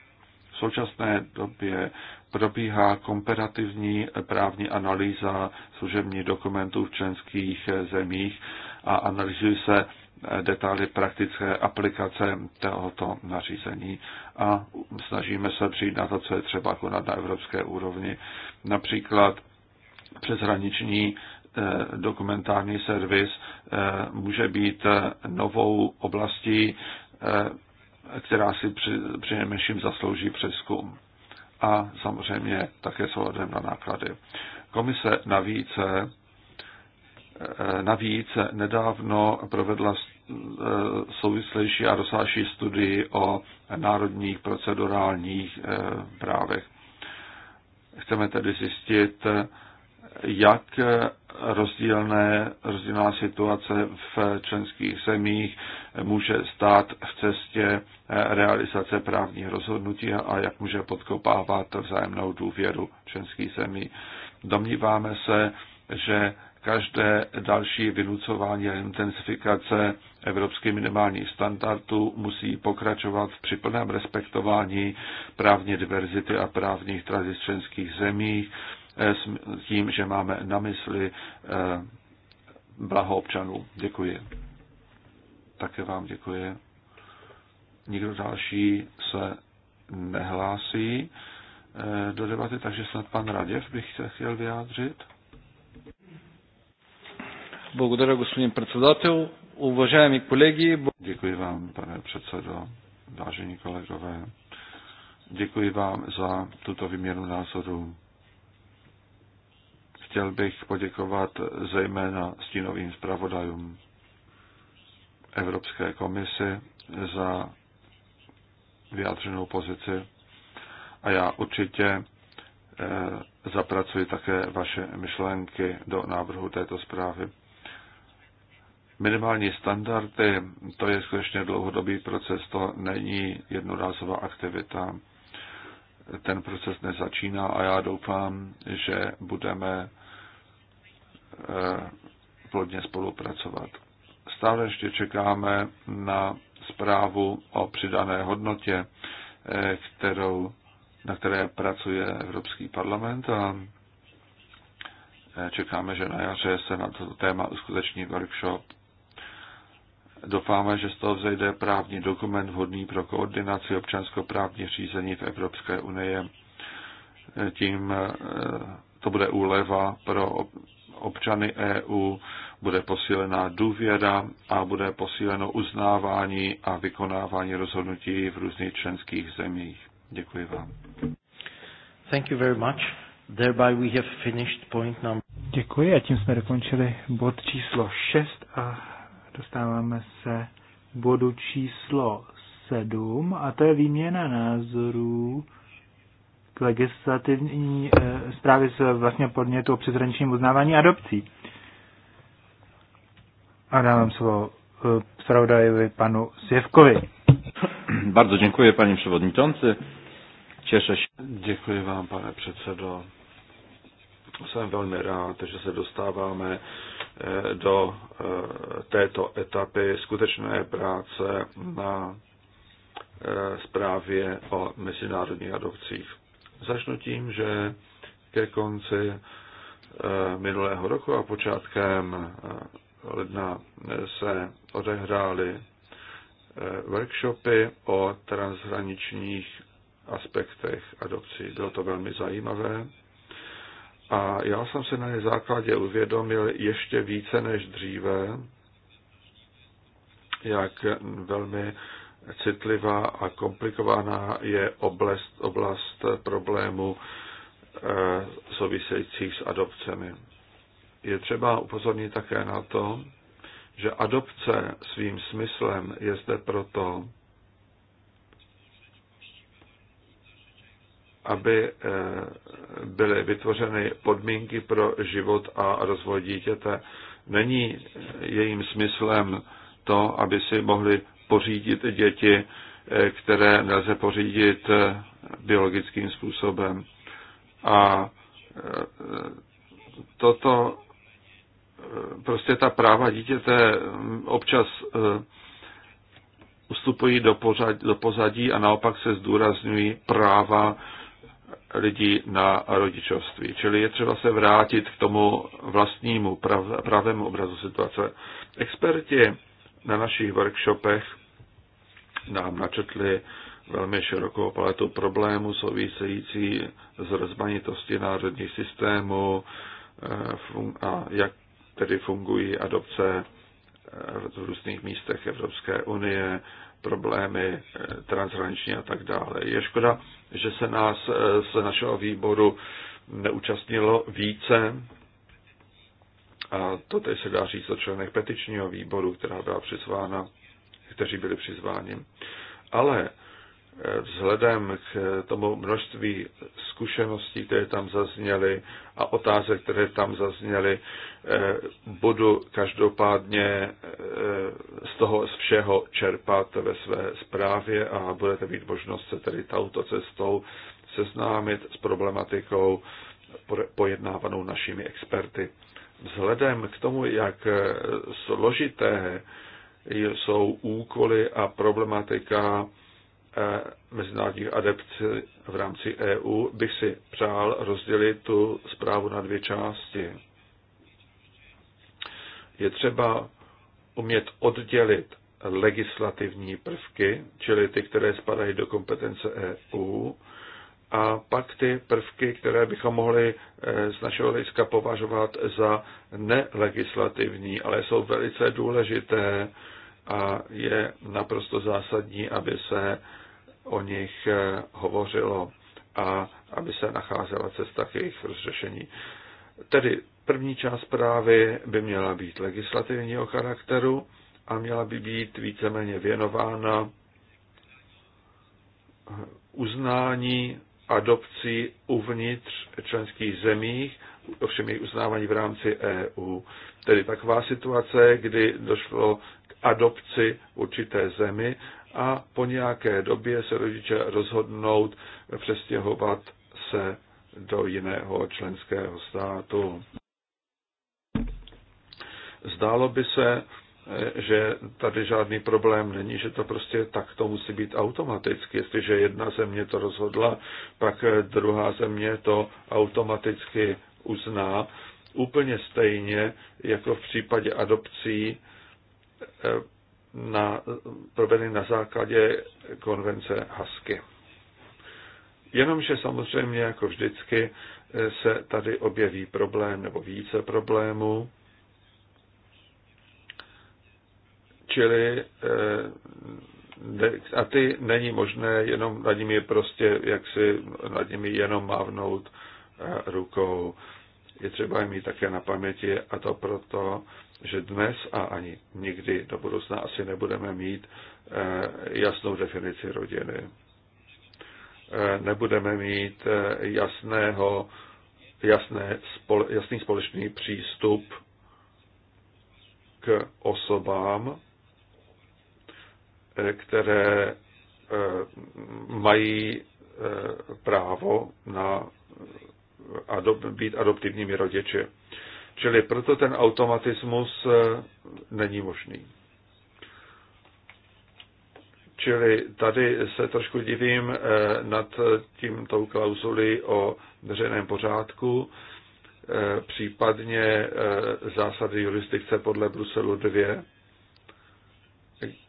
V současné době probíhá komparativní právní analýza služebních dokumentů v členských zemích a analyzují se detaily praktické aplikace tohoto nařízení a snažíme se přijít na to, co je třeba konat na evropské úrovni. Například přeshraniční eh, dokumentární servis eh, může být eh, novou oblastí která si při, přinejmenším zaslouží přeskum. A samozřejmě také s ohledem na náklady. Komise navíc, eh, navíc nedávno provedla eh, souvislejší a rozsáhlejší studii o národních procedurálních eh, právech. Chceme tedy zjistit, jak rozdílné, rozdílná situace v členských zemích může stát v cestě realizace právních rozhodnutí a jak může podkopávat vzájemnou důvěru členských zemí. Domníváme se, že každé další vynucování a intensifikace evropských minimálních standardů musí pokračovat při plném respektování právní diverzity a právních tradic členských zemí, Eh, s tím, že máme na mysli eh, blaho občanů. Děkuji. Také vám děkuji. Nikdo další se nehlásí eh, do debaty, takže snad pan Raděv bych se chtěl vyjádřit. Благодаря, господин председател. Уважаеми колеги. Děkuji vám, pane předsedo, vážení kolegové. Děkuji vám za tuto výměnu názorů chtěl bych poděkovat zejména stínovým zpravodajům Evropské komisi za vyjádřenou pozici a já určitě eh, zapracuji také vaše myšlenky do návrhu této zprávy. Minimální standardy, to je skutečně dlouhodobý proces, to není jednorázová aktivita. Ten proces nezačíná a já doufám, že budeme Eh, plodně spolupracovat. Stále ještě čekáme na zprávu o přidané hodnotě, eh, kterou, na které pracuje Evropský parlament a eh, čekáme, že na jaře se na toto téma uskuteční workshop. Doufáme, že z toho vzejde právní dokument vhodný pro koordinaci občanskoprávních řízení v Evropské unii. Tím to bude úleva pro občany EU, bude posílená důvěra a bude posíleno uznávání a vykonávání rozhodnutí v různých členských zemích. Děkuji vám. Thank you very much. Thereby we have finished point number... Děkuji a tím jsme dokončili bod číslo 6 a dostáváme se bodu číslo 7 a to je výměna názorů k legislativní eh, zprávy z eh, vlastně podnětu o přezrančním uznávání adopcí. A dávám slovo eh, zpravodajovi panu Sjevkovi. Bardzo děkuji, paní převodnitonci. Cieszę się. Děkuji vám, pane předsedo. Jsem velmi rád, že se dostáváme do e, této etapy skutečné práce na zprávě e, o mezinárodních adopcích. Začnu tím, že ke konci eh, minulého roku a počátkem eh, ledna eh, se odehrály workshopy o transhraničních aspektech adopcí. Bylo to velmi zajímavé. A já jsem se na ně základě uvědomil ještě více než dříve, jak velmi citlivá a komplikovaná je oblast, oblast problémů eh, souvisejících s adopcemi. Je třeba upozornit také na to, že adopce svým smyslem je zde proto, aby eh, byly vytvořeny podmínky pro život a rozvoj dítěte. Není jejím smyslem to, aby si mohli pořídit děti, eh, které nelze pořídit eh, biologickým způsobem. A eh, toto, prostě ta práva dítěte mm, občas ustupují do, pořad, do pozadí a naopak se zdůrazňují práva lidí na rodičovství. Čili je třeba se vrátit k tomu vlastnímu prav, pravému obrazu situace. Experti na našich workshopech nám načetli velmi širokou paletu problémů související s rozmanitostí národních systémů eh, a jak tedy fungují adopce eh, v různých místech Evropské unie, problémy eh, transhraniční a tak dále. Je škoda, že se nás z našeho výboru neúčastnilo více a to teď se dá říct o členech petičního výboru, která byla přizvána, kteří byli přizváni. Ale e, vzhledem k tomu množství zkušeností, které tam zazněly a otázek, které tam zazněly, e, budu každopádně e, z toho z všeho čerpat ve své zprávě a budete mít možnost se tedy touto cestou seznámit s problematikou pojednávanou našimi experty vzhledem k tomu, jak složité jsou úkoly a problematika eh, mezinárodních adepcí v rámci EU, bych si přál rozdělit tu zprávu na dvě části. Je třeba umět oddělit legislativní prvky, čili ty, které spadají do kompetence EU, a pak ty prvky, které bychom mohli eh, z našeho hlediska považovat za nelegislativní, ale jsou velice důležité a je naprosto zásadní, aby se o nich eh, hovořilo a aby se nacházela cesta k jejich rozřešení. Tedy první část zprávy by měla být legislativního charakteru a měla by být víceméně věnována eh, uznání adopcí uvnitř členských zemích, ovšem jejich uznávání v rámci EU. Tedy taková situace, kdy došlo k adopci určité zemi a po nějaké době se rodiče rozhodnou přestěhovat se do jiného členského státu. Zdálo by se, že tady žádný problém není, že to prostě tak to musí být automaticky. Jestliže jedna země to rozhodla, pak druhá země to automaticky uzná. Úplně stejně jako v případě adopcí eh, na, provedeny na základě konvence Hasky. Jenomže samozřejmě jako vždycky eh, se tady objeví problém nebo více problémů čili eh, a ty není možné jenom nad nimi je prostě, jak si nad nimi jenom mávnout eh, rukou. Je třeba je mít také na paměti a to proto, že dnes a ani nikdy do budoucna asi nebudeme mít eh, jasnou definici rodiny. Nebudeme mít jasného, jasné, jasný společný přístup k osobám, které eh, mají eh, právo na eh, být adoptivními rodiči. Čili proto ten automatismus není možný. Čili tady se trošku divím nad tímto klauzuli o veřejném pořádku, případně zásady jurisdikce podle Bruselu 2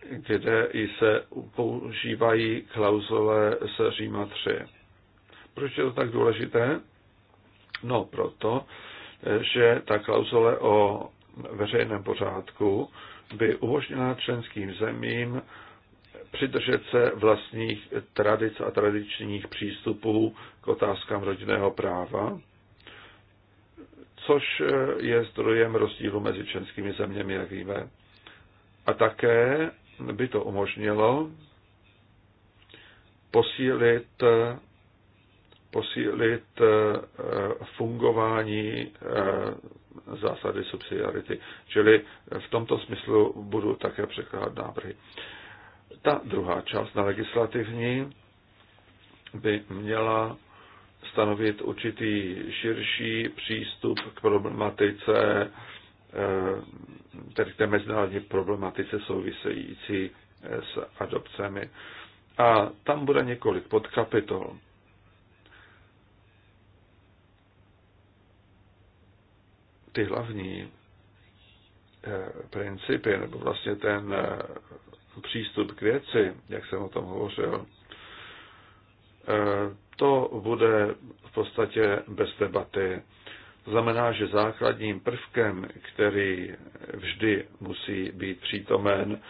kde se používají klauzule z Říma 3. Proč je to tak důležité? No proto, že ta klauzule o veřejném pořádku by umožnila členským zemím přidržet se vlastních tradic a tradičních přístupů k otázkám rodinného práva, což je zdrojem rozdílu mezi členskými zeměmi, jak víme. A také by to umožnilo posílit, posílit eh, fungování eh, zásady subsidiarity. Čili v tomto smyslu budu také překládat návrhy. Ta druhá část na legislativní by měla stanovit určitý širší přístup k problematice eh, tedy té mezinárodní problematice související eh, s adopcemi. A tam bude několik podkapitol. Ty hlavní eh, principy, nebo vlastně ten eh, přístup k věci, jak jsem o tom hovořil, to bude v podstatě bez debaty znamená, že základním prvkem, který vždy musí být přítomen,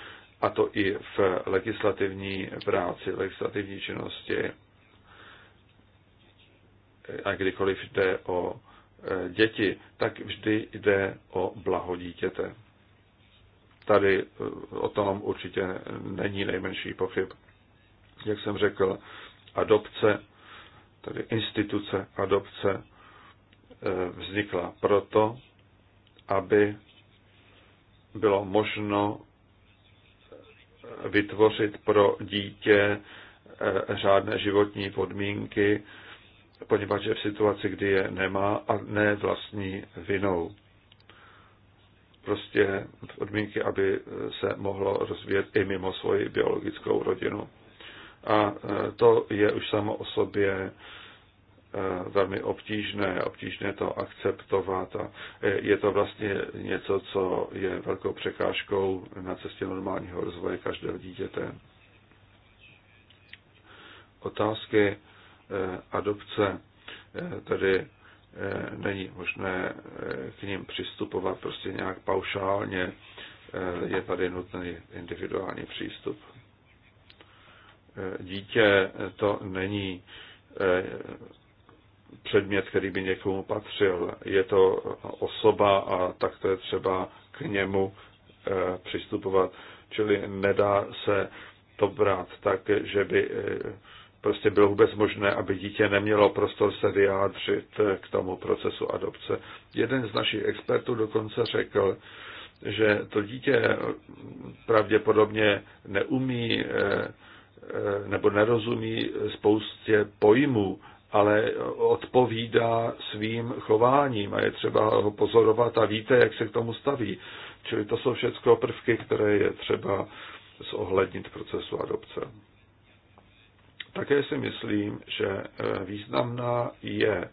a to i v legislativní práci, legislativní činnosti, a kdykoliv jde o e, děti, tak vždy jde o blaho dítěte. Tady e, o tom určitě není nejmenší pochyb. Jak jsem řekl, adopce, tedy instituce adopce, vznikla proto, aby bylo možno vytvořit pro dítě eh, řádné životní podmínky, poněvadž je v situaci, kdy je nemá a ne vlastní vinou. Prostě podmínky, aby eh, se mohlo rozvíjet i mimo svoji biologickou rodinu. A eh, to je už samo o sobě Eh, velmi obtížné, obtížné to akceptovat a eh, je to vlastně něco, co je velkou překážkou na cestě normálního rozvoje každého dítěte. Otázky eh, adopce tedy není možné k ním přistupovat prostě nějak paušálně, je tady nutný individuální přístup. Dítě to není předmět, který by někomu patřil. Je to osoba a tak to je třeba k němu eh, přistupovat. Čili nedá se to brát tak, že by eh, prostě bylo vůbec možné, aby dítě nemělo prostor se vyjádřit eh, k tomu procesu adopce. Jeden z našich expertů dokonce řekl, že to dítě pravděpodobně neumí nebo nerozumí spoustě pojmů ale odpovídá svým chováním a je třeba ho pozorovat a víte, jak se k tomu staví. Čili to jsou všechno prvky, které je třeba zohlednit procesu adopce. Také si myslím, že e, významná je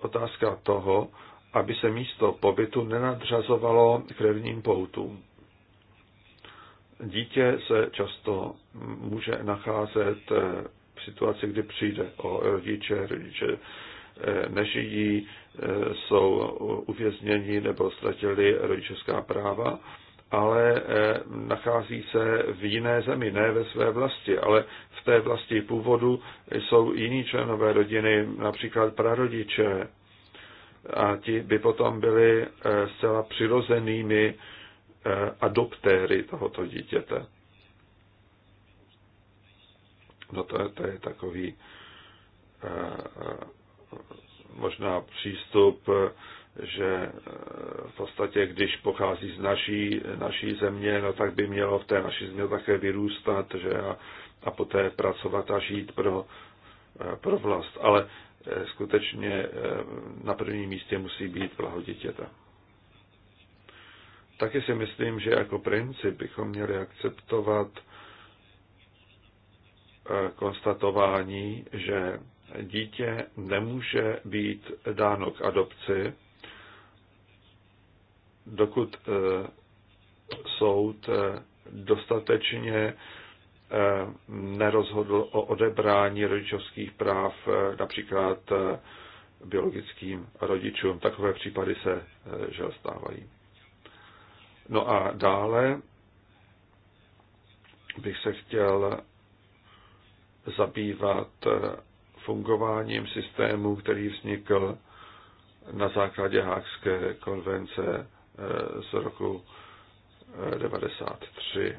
otázka toho, aby se místo pobytu nenadřazovalo krevním poutům. Dítě se často může nacházet e, situaci, kdy přijde o rodiče, rodiče eh, nežijí, eh, jsou uvězněni nebo ztratili rodičovská práva, ale eh, nachází se v jiné zemi, ne ve své vlasti, ale v té vlasti původu jsou jiní členové rodiny, například prarodiče, a ti by potom byli zcela přirozenými adoptéry tohoto dítěte. No to, to je takový eh, eh, možná přístup, že eh, v podstatě, když pochází z naší, naší země, no tak by mělo v té naší země také vyrůstat že a, a poté pracovat a žít pro, pro vlast. Ale skutečně na prvním místě musí být blaho dítěta. Taky si myslím, že jako princip bychom měli akceptovat konstatování, že dítě nemůže být dáno k adopci, dokud eh, soud eh, dostatečně eh, nerozhodl o odebrání rodičovských práv například biologickým rodičům. Takové případy se žel stávají. No a dále bych se chtěl zabývat eh, fungováním systému, který vznikl na základě Hákské konvence eh, z roku 93.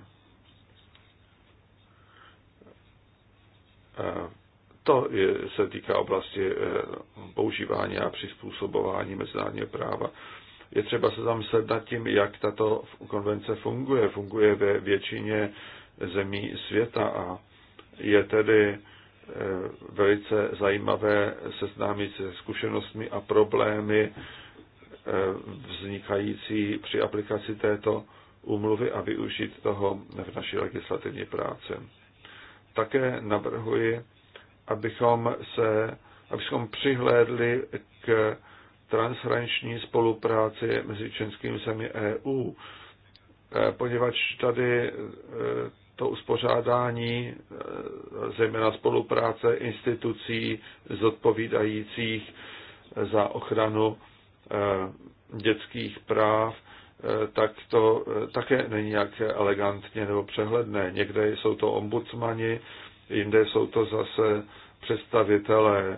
Eh, to se týká oblasti používání a přizpůsobování mezinárodního práva. Je třeba se zamyslet nad tím, jak tato konvence funguje. Funguje ve většině zemí světa a je tedy eh, velice zajímavé seznámit se zkušenostmi a problémy eh, vznikající při aplikaci této úmluvy a využít toho v naší legislativní práci. Také navrhuji, abychom, se, abychom přihlédli k transhraniční spolupráci mezi členskými zemi EU, eh, poněvadž tady to uspořádání, e, zejména spolupráce institucí zodpovídajících e, za ochranu e, dětských práv, tak to také není jak elegantně nebo přehledné. Někde jsou to ombudsmani, jinde jsou to zase představitelé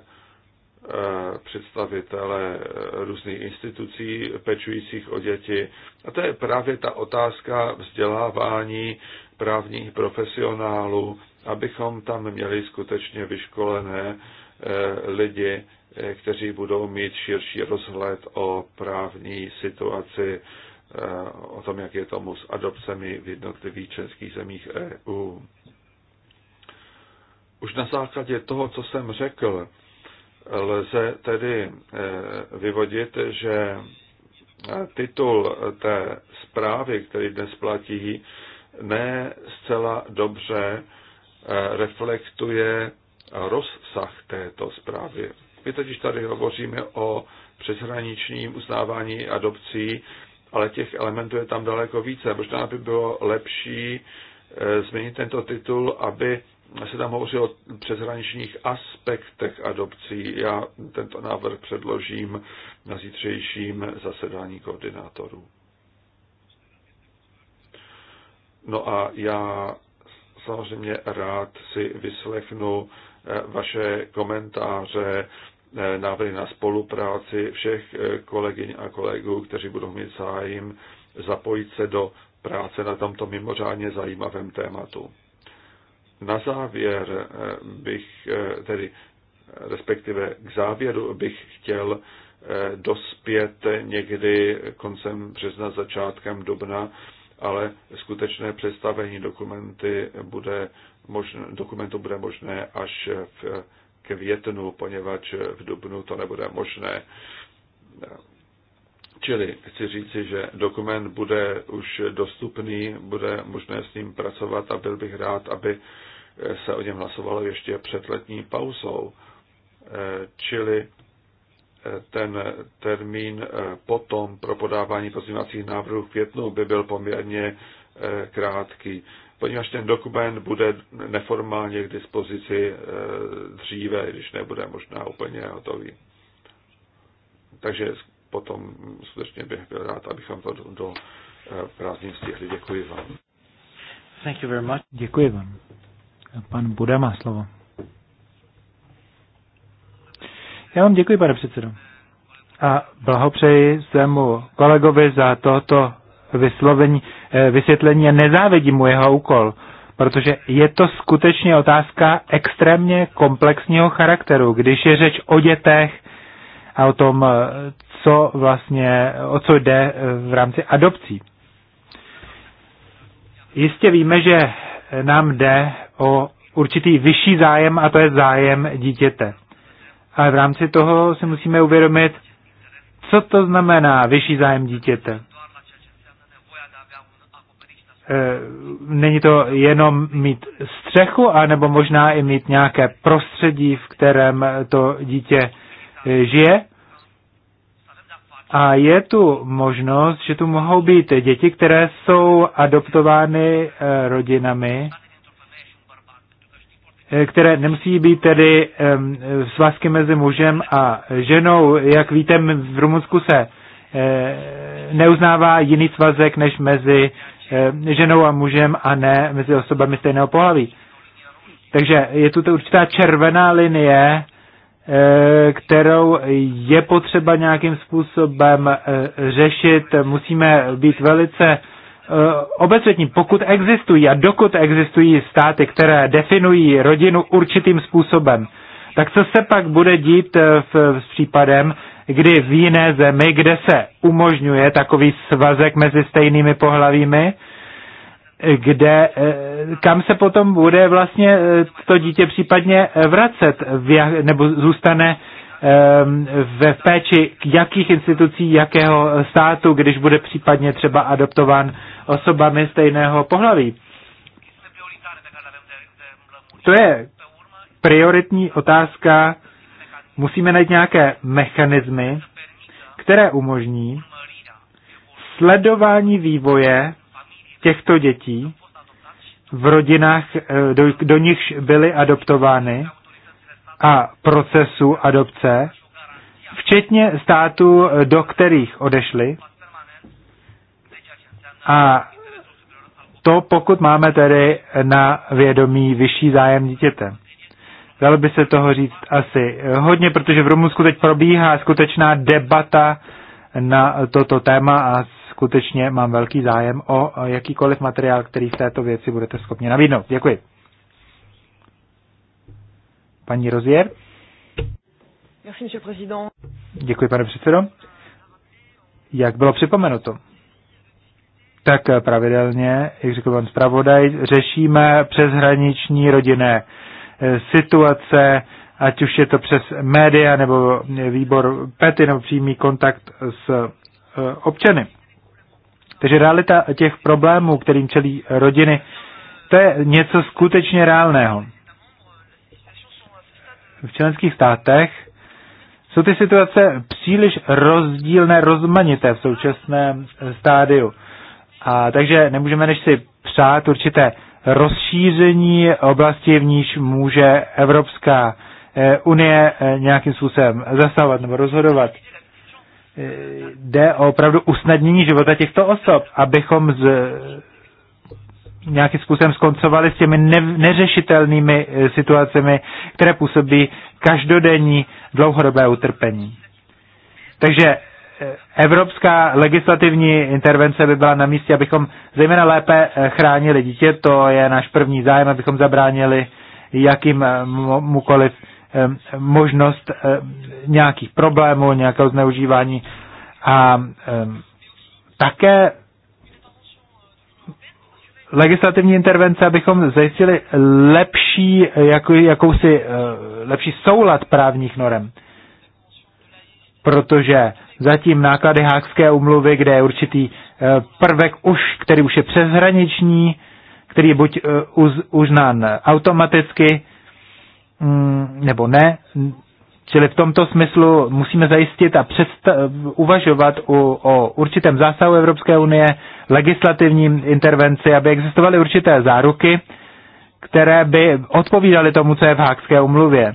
představitelé různých institucí pečujících o děti. A to je právě ta otázka vzdělávání právních profesionálů, abychom tam měli skutečně vyškolené eh, lidi, eh, kteří budou mít širší rozhled o právní situaci, eh, o tom, jak je tomu s adopcemi v jednotlivých českých zemích EU. Už na základě toho, co jsem řekl, lze tedy vyvodit, že titul té zprávy, který dnes platí, ne zcela dobře eh, reflektuje rozsah této zprávy. My totiž tady hovoříme o přeshraničním uznávání adopcí, ale těch elementů je tam daleko více. Možná by bylo lepší eh, změnit tento titul, aby se tam hovořilo o přeshraničních aspektech adopcí. Já tento návrh předložím na zítřejším zasedání koordinátorů. No a já samozřejmě rád si vyslechnu eh, vaše komentáře, eh, návrhy na spolupráci všech eh, kolegyň a kolegů, kteří budou mít zájem zapojit se do práce na tomto mimořádně zajímavém tématu. Na závěr bych tedy, respektive k závěru bych chtěl dospět někdy koncem března, začátkem dubna ale skutečné představení dokumenty bude možné, dokumentu bude možné až v květnu, poněvadž v dubnu to nebude možné. Čili chci říci, že dokument bude už dostupný, bude možné s ním pracovat a byl bych rád, aby se o něm hlasovalo ještě před letní pauzou. Čili ten termín eh, potom pro podávání pozměňovacích návrhů v květnu by byl poměrně eh, krátký, poněvadž ten dokument bude neformálně k dispozici eh, dříve, když nebude možná úplně hotový. Takže potom skutečně bych byl rád, abychom to do, do prázdnin stihli. Děkuji vám. Thank you very much. Děkuji vám. Pan Buda má slovo. Já vám děkuji, pane předsedo. A blahopřeji svému kolegovi za toto vyslovení, eh, vysvětlení a nezávidím mu jeho úkol, protože je to skutečně otázka extrémně komplexního charakteru, když je řeč o dětech a o tom, eh, co vlastně, o co jde eh, v rámci adopcí. Jistě víme, že nám jde o určitý vyšší zájem a to je zájem dítěte. Ale v rámci toho si musíme uvědomit, co to znamená vyšší zájem dítěte. Eh, není to jenom mít střechu, anebo možná i mít nějaké prostředí, v kterém to dítě eh, žije. A je tu možnost, že tu mohou být děti, které jsou adoptovány eh, rodinami, Eh, které nemusí být tedy svazky mezi mužem a ženou. Jak víte, v Rumunsku se eh, neuznává jiný svazek než mezi eh, ženou a mužem a ne mezi osobami stejného pohlaví. Takže je tu určitá červená linie, kterou je potřeba nějakým způsobem řešit. Musíme být velice Eh, obecně, pokud existují a dokud existují státy, které definují rodinu určitým způsobem, tak co se pak bude dít eh, v, s případem, kdy v jiné zemi, kde se umožňuje takový svazek mezi stejnými pohlavími, kde, eh, kam se potom bude vlastně to dítě případně vracet, nebo zůstane Ehm, ve péči jakých institucí, jakého státu, když bude případně třeba adoptován osobami stejného pohlaví. To je prioritní otázka. Musíme najít nějaké mechanismy, které umožní sledování vývoje těchto dětí v rodinách, eh, do, do nichž byly adoptovány a procesu adopce, včetně států, do kterých odešli. A to pokud máme tedy na vědomí vyšší zájem dítěte. Dalo by se toho říct asi hodně, protože v Rumunsku teď probíhá skutečná debata na toto téma a skutečně mám velký zájem o jakýkoliv materiál, který v této věci budete schopni nabídnout. Děkuji. Paní Rozier. Děkuji, pane předsedo. Jak bylo připomenuto, tak pravidelně, jak řekl pan zpravodaj, řešíme přeshraniční rodinné eh, situace, ať už je to přes média nebo výbor PETY nebo přímý kontakt s eh, občany. Takže realita těch problémů, kterým čelí rodiny, to je něco skutečně reálného v členských státech jsou ty situace příliš rozdílné, rozmanité v současném eh, stádiu. A takže nemůžeme než si přát určité rozšíření oblasti, v níž může Evropská eh, unie eh, nějakým způsobem zasahovat nebo rozhodovat. Jde o opravdu usnadnění života těchto osob, abychom z, nějakým způsobem skoncovali s těmi ne, neřešitelnými eh, situacemi, které působí každodenní dlouhodobé utrpení. Takže eh, evropská legislativní intervence by byla na místě, abychom zejména lépe eh, chránili dítě, to je náš první zájem, abychom zabránili jakýmukoliv možnost nějakých problémů, nějakého zneužívání. A také legislativní intervence, abychom zajistili lepší, jako, jakousi eh, lepší soulad právních norem. Protože zatím náklady hákské umluvy, kde je určitý eh, prvek už, který už je přeshraniční, který je buď eh, uz, uznán automaticky, mm, nebo ne. Čili v tomto smyslu musíme zajistit a předsta- uvažovat u, o určitém zásahu Evropské unie legislativní intervenci, aby existovaly určité záruky, které by odpovídaly tomu, co je v Hákské umluvě,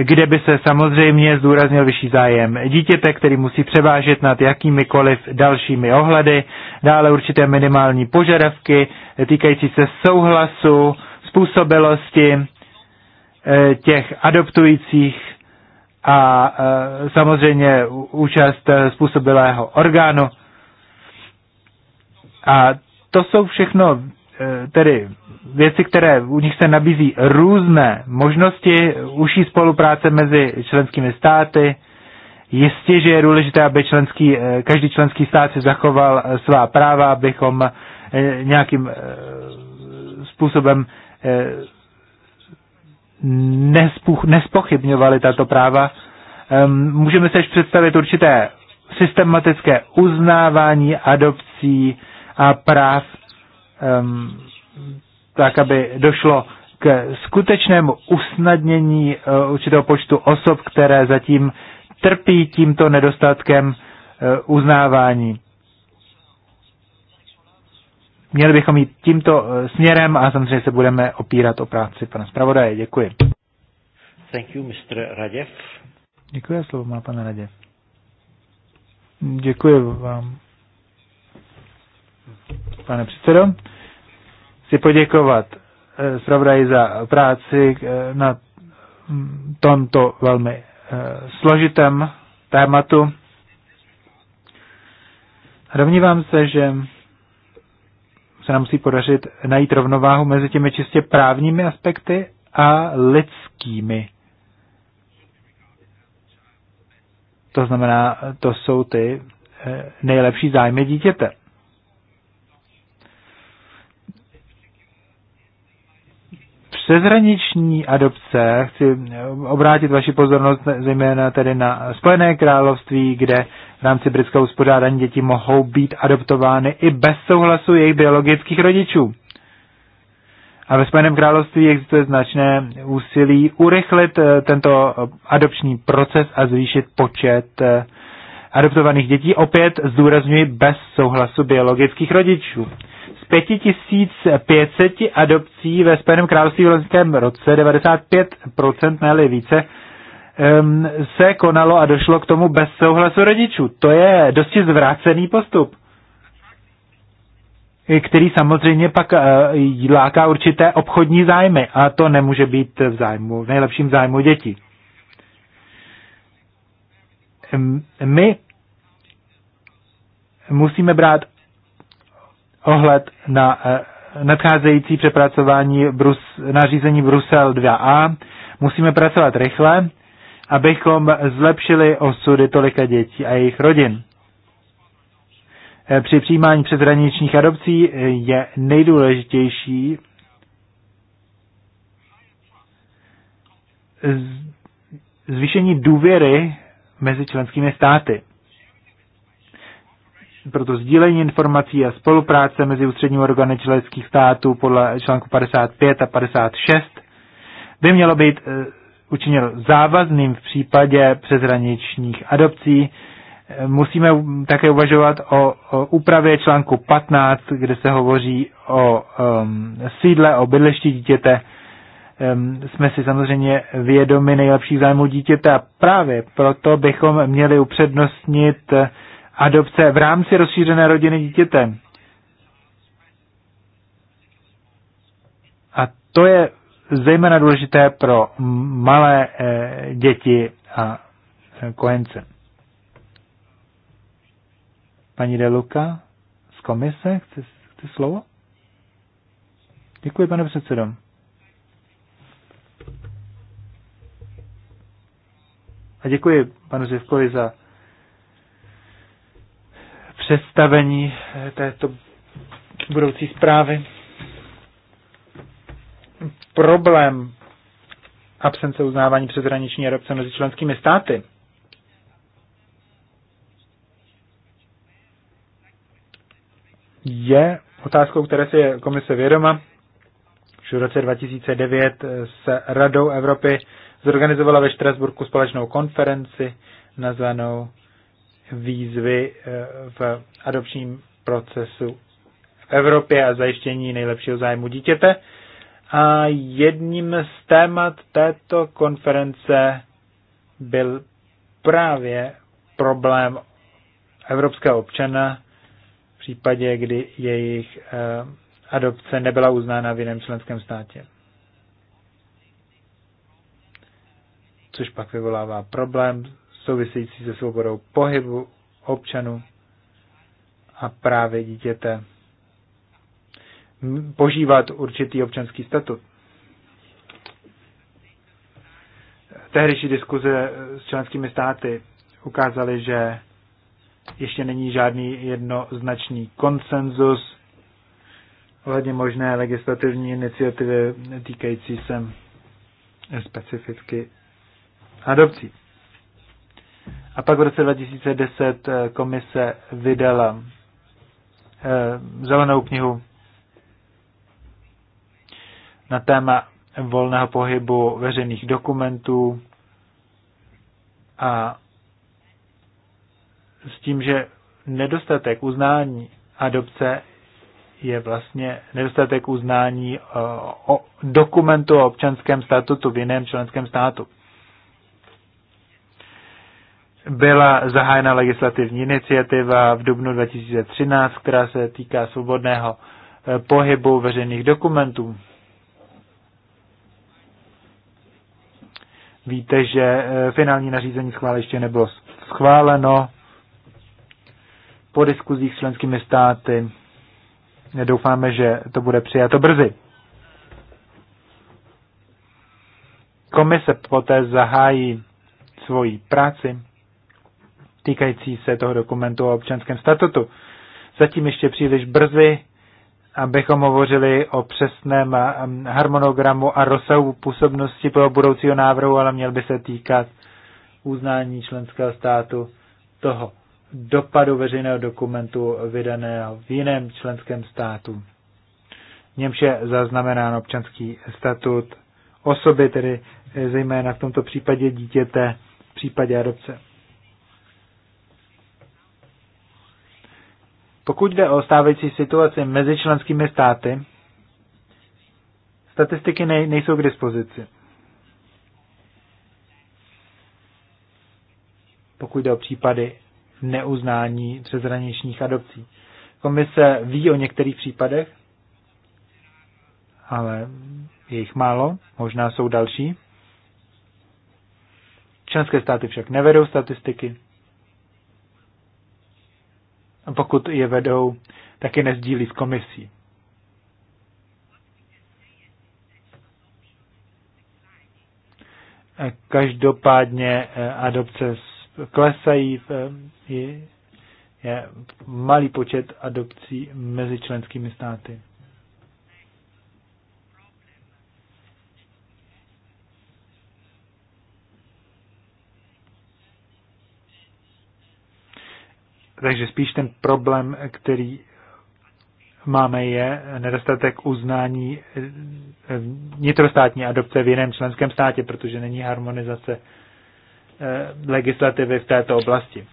kde by se samozřejmě zdůraznil vyšší zájem dítěte, který musí převážet nad jakýmikoliv dalšími ohledy, dále určité minimální požadavky týkající se souhlasu, způsobilosti eh, těch adoptujících a eh, samozřejmě účast eh, způsobilého orgánu. A to jsou všechno eh, tedy věci, které u nich se nabízí různé možnosti, užší spolupráce mezi členskými státy. Jistě, že je důležité, aby členský, eh, každý členský stát si zachoval eh, svá práva, abychom nějakým způsobem nespochybňovali tato práva. Ehm, můžeme se představit určité systematické uznávání adopcí, a práv, um, tak aby došlo k skutečnému usnadnění uh, určitého počtu osob, které zatím trpí tímto nedostatkem uh, uznávání. Měli bychom jít tímto eh, směrem a samozřejmě se budeme opírat o práci pana zpravodaje. Děkuji. Thank you, Mr. Raděv. Děkuji, slovo má pan Raděv. Děkuji vám, pane předsedo. Chci poděkovat eh, zpravodaji za práci eh, na tomto velmi eh, složitém tématu. Domnívám se, že se nám musí podařit najít rovnováhu mezi těmi čistě právními aspekty a lidskými. To znamená, to jsou ty nejlepší zájmy dítěte. přezraniční adopce, chci obrátit vaši pozornost zejména tedy na Spojené království, kde v rámci britského uspořádání děti mohou být adoptovány i bez souhlasu jejich biologických rodičů. A ve Spojeném království existuje značné úsilí urychlit eh, tento adopční proces a zvýšit počet eh, adoptovaných dětí, opět zdůrazňuji bez souhlasu biologických rodičů. 5500 adopcí ve Spojeném království v loňském roce, 95% ne více, se konalo a došlo k tomu bez souhlasu rodičů. To je dosti zvrácený postup, který samozřejmě pak eh, láká určité obchodní zájmy a to nemůže být v zájmu, v nejlepším zájmu dětí. My musíme brát ohled na eh, nadcházející přepracování Brus, nařízení Brusel 2a. Musíme pracovat rychle, abychom zlepšili osudy tolika dětí a jejich rodin. Eh, při přijímání přeshraničních adopcí eh, je nejdůležitější zvýšení důvěry mezi členskými státy proto sdílení informací a spolupráce mezi ústřední orgány členských států podle článku 55 a 56 by mělo být eh, učiněno. závazným v případě přeshraničních adopcí. Eh, musíme také uvažovat o, o úpravě článku 15, kde se hovoří o um, sídle, o bydlišti dítěte. Um, jsme si samozřejmě vědomi nejlepších zájmů dítěte a právě proto bychom měli upřednostnit uh, adopce v rámci rozšířené rodiny dítěte. A to je zejména důležité pro malé eh, děti a eh, kojence. Paní Deluka z komise, chce, chce slovo? Děkuji, pane předsedo. A děkuji panu Zivkovi za představení eh, této budoucí zprávy. Problém absence uznávání přeshraniční adopce mezi členskými státy je otázkou, které se je komise vědoma. Už v roce 2009 eh, se Radou Evropy zorganizovala ve Štrasburku společnou konferenci nazvanou výzvy eh, v adopčním procesu v Evropě a zajištění nejlepšího zájmu dítěte. A jedním z témat této konference byl právě problém evropského občana v případě, kdy jejich eh, adopce nebyla uznána v jiném členském státě. Což pak vyvolává problém související se svobodou pohybu občanů a právě dítěte požívat určitý občanský statut. Tehdejší diskuze s členskými státy ukázaly, že ještě není žádný jednoznačný konsenzus ohledně možné legislativní iniciativy týkající se specificky adopcí. A pak v roce 2010 eh, komise vydala eh, zelenou knihu na téma volného pohybu veřejných dokumentů a s tím, že nedostatek uznání adopce je vlastně nedostatek uznání eh, o dokumentu o občanském statutu v jiném členském státu byla zahájena legislativní iniciativa v dubnu 2013, která se týká svobodného eh, pohybu veřejných dokumentů. Víte, že eh, finální nařízení schvále ještě nebylo schváleno. Po diskuzích s členskými státy doufáme, že to bude přijato brzy. Komise poté zahájí svoji práci týkající se toho dokumentu o občanském statutu. Zatím ještě příliš brzy, abychom hovořili o přesném um, harmonogramu a rozsahu působnosti pro budoucího návrhu, ale měl by se týkat uznání členského státu toho dopadu veřejného dokumentu vydaného v jiném členském státu. V němž je zaznamenán občanský statut osoby, tedy eh, zejména v tomto případě dítěte, v případě adopce. Pokud jde o stávající situaci mezi členskými státy, statistiky nej, nejsou k dispozici. Pokud jde o případy neuznání přeshraničních adopcí. Komise ví o některých případech, ale je jich málo, možná jsou další. Členské státy však nevedou statistiky pokud je vedou, taky nezdílí s komisí. Každopádně eh, adopce klesají, eh, je malý počet adopcí mezi členskými státy. Takže spíš ten problém, který máme, je nedostatek uznání eh, vnitrostátní adopce v jiném členském státě, protože není harmonizace eh, legislativy v této oblasti.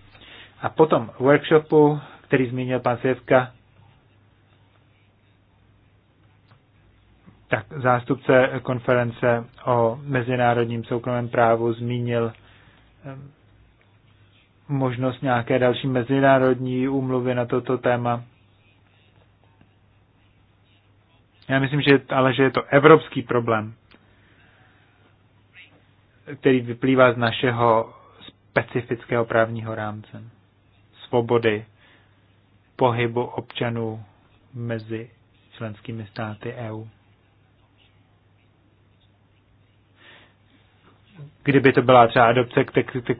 A potom workshopu, který zmínil pan Svěvka, tak zástupce konference o mezinárodním soukromém právu zmínil eh, možnost nějaké další mezinárodní úmluvy na toto téma. Já myslím, že, ale že je to evropský problém, který vyplývá z našeho specifického právního rámce. Svobody, pohybu občanů mezi členskými státy EU. kdyby to byla třeba adopce,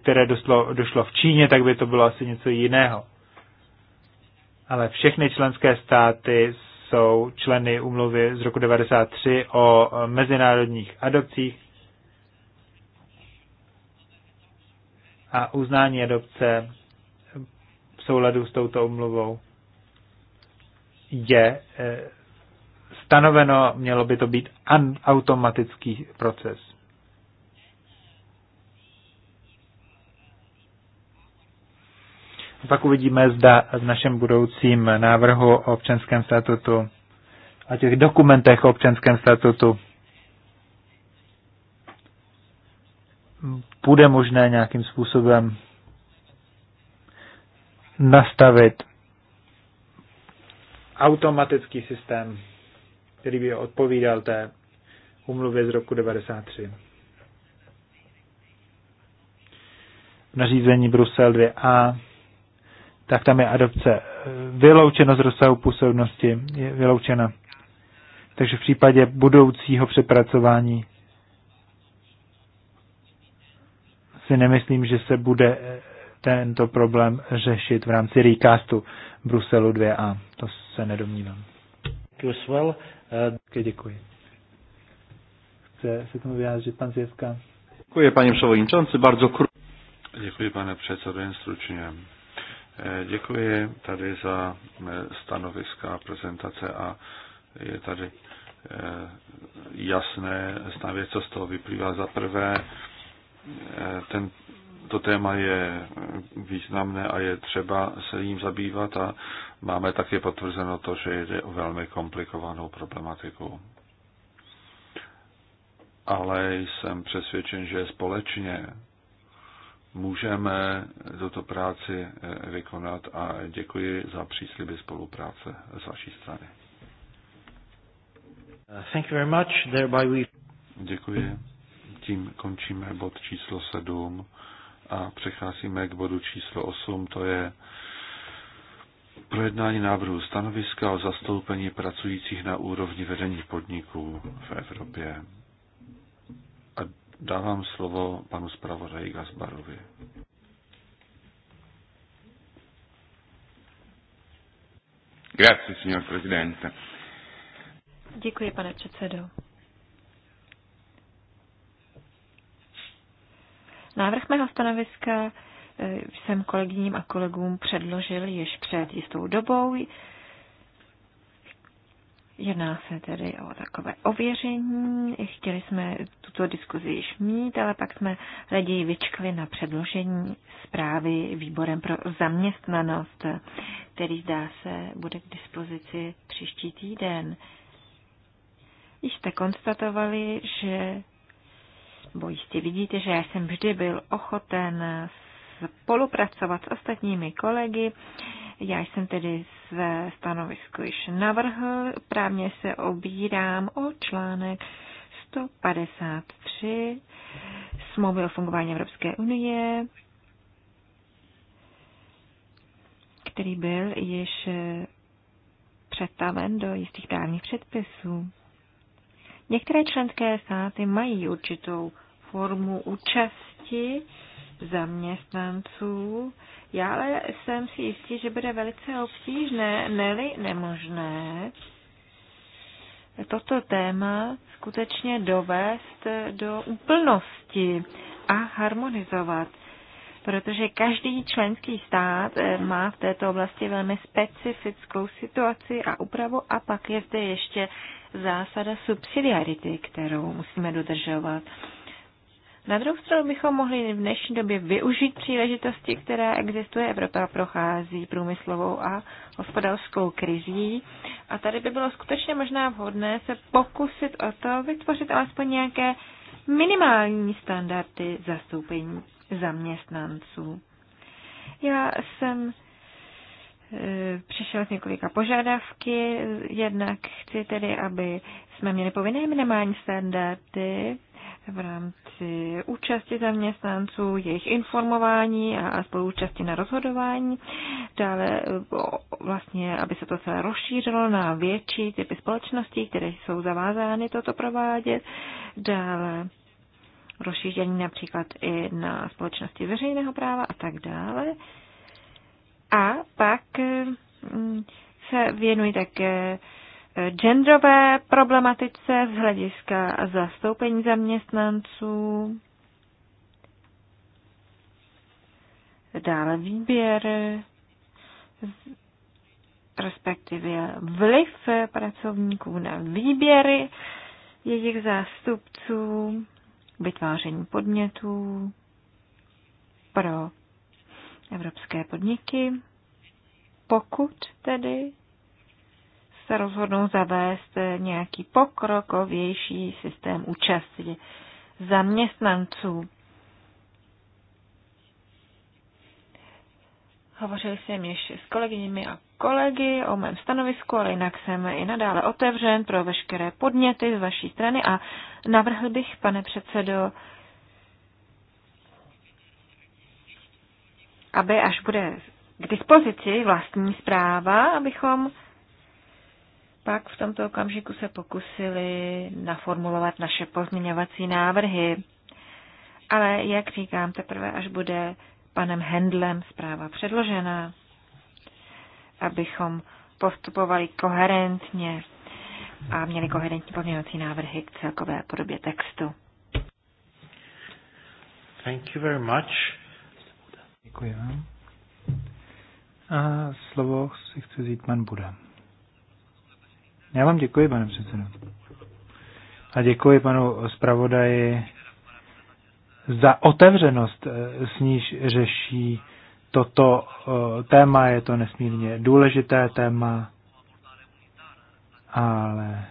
které došlo, došlo v Číně, tak by to bylo asi něco jiného. Ale všechny členské státy jsou členy umluvy z roku 93 o mezinárodních adopcích a uznání adopce v souladu s touto umluvou je eh, stanoveno, mělo by to být automatický proces. Pak uvidíme, zda v našem budoucím návrhu o občanském statutu a těch dokumentech o občanském statutu bude možné nějakým způsobem nastavit automatický systém, který by odpovídal té umluvě z roku 93. Nařízení Brusel 2a tak tam je adopce eh, vyloučena z rozsahu působnosti, je vyloučena. Takže v případě budoucího přepracování si nemyslím, že se bude eh, tento problém řešit v rámci recastu Bruselu 2a. To se nedomnívám. Well. Uh, děkuji. Chce se tomu vyjádřit pan Zjevka? Děkuji, paní předsedající, bardzo krutko. Děkuji, pane předsedo, jen stručně. Děkuji tady za eh, stanoviska a prezentace a je tady eh, jasné, zná co z toho vyplývá. Za prvé, eh, ten, to téma je významné a je třeba se jím zabývat a máme také potvrzeno to, že jde o velmi komplikovanou problematiku. Ale jsem přesvědčen, že společně můžeme tuto práci eh, vykonat a děkuji za přísliby spolupráce z vaší strany. Uh, thank you very much. Thereby we... Děkuji. Tím končíme bod číslo 7 a přecházíme k bodu číslo 8, to je projednání návrhu stanoviska o zastoupení pracujících na úrovni vedení podniků v Evropě. A Dávám slovo panu zpravodaji Gazbarovi. Grazie, signor Presidente. Děkuji, pane předsedo. Návrh mého stanoviska eh, jsem kolegyním a kolegům předložil již před jistou dobou. Jedná se tedy o takové ověření. Chtěli jsme tuto diskuzi již mít, ale pak jsme raději vyčkali na předložení zprávy výborem pro zaměstnanost, který zdá se bude k dispozici příští týden. Již jste konstatovali, že, bo jistě vidíte, že já jsem vždy byl ochoten spolupracovat s ostatními kolegy, já jsem tedy své stanovisko již navrhl, právně se obírám o článek 153 smlouvy o fungování Evropské unie, který byl již eh, přetaven do jistých právních předpisů. Některé členské státy mají určitou formu účasti zaměstnanců. Já ale jsem si jistý, že bude velice obtížné, neli nemožné, toto téma skutečně dovést do úplnosti a harmonizovat, protože každý členský stát eh, má v této oblasti velmi specifickou situaci a úpravu a pak je zde ještě zásada subsidiarity, kterou musíme dodržovat. Na druhou stranu bychom mohli v dnešní době využít příležitosti, která existuje. Evropa prochází průmyslovou a hospodářskou krizí a tady by bylo skutečně možná vhodné se pokusit o to vytvořit alespoň nějaké minimální standardy zastoupení zaměstnanců. Já jsem e, přišel s několika požadavky, jednak chci tedy, aby jsme měli povinné minimální standardy v rámci účasti zaměstnanců, jejich informování a spoluúčasti na rozhodování, dále vlastně, aby se to celé rozšířilo na větší typy společností, které jsou zavázány toto provádět, dále rozšíření například i na společnosti veřejného práva a tak dále. A pak mm, se věnují také genderové problematice z hlediska zastoupení zaměstnanců, dále výběr, respektive vliv pracovníků na výběry jejich zástupců, vytváření podmětů pro evropské podniky, pokud tedy se rozhodnou zavést nějaký pokrokovější systém účasti zaměstnanců. Hovořil jsem ještě s kolegyněmi a kolegy o mém stanovisku, ale jinak jsem i nadále otevřen pro veškeré podněty z vaší strany a navrhl bych, pane předsedo, aby až bude k dispozici vlastní zpráva, abychom pak v tomto okamžiku se pokusili naformulovat naše pozměňovací návrhy. Ale jak říkám, teprve až bude panem Hendlem zpráva předložena, abychom postupovali koherentně a měli koherentní pozměňovací návrhy k celkové podobě textu. Thank you very much. Děkuji vám. A slovo si chce vzít pan Buda. Já vám děkuji, pane předsedo. A děkuji panu zpravodaji za otevřenost, eh, s níž řeší toto eh, téma. Je to nesmírně důležité téma, ale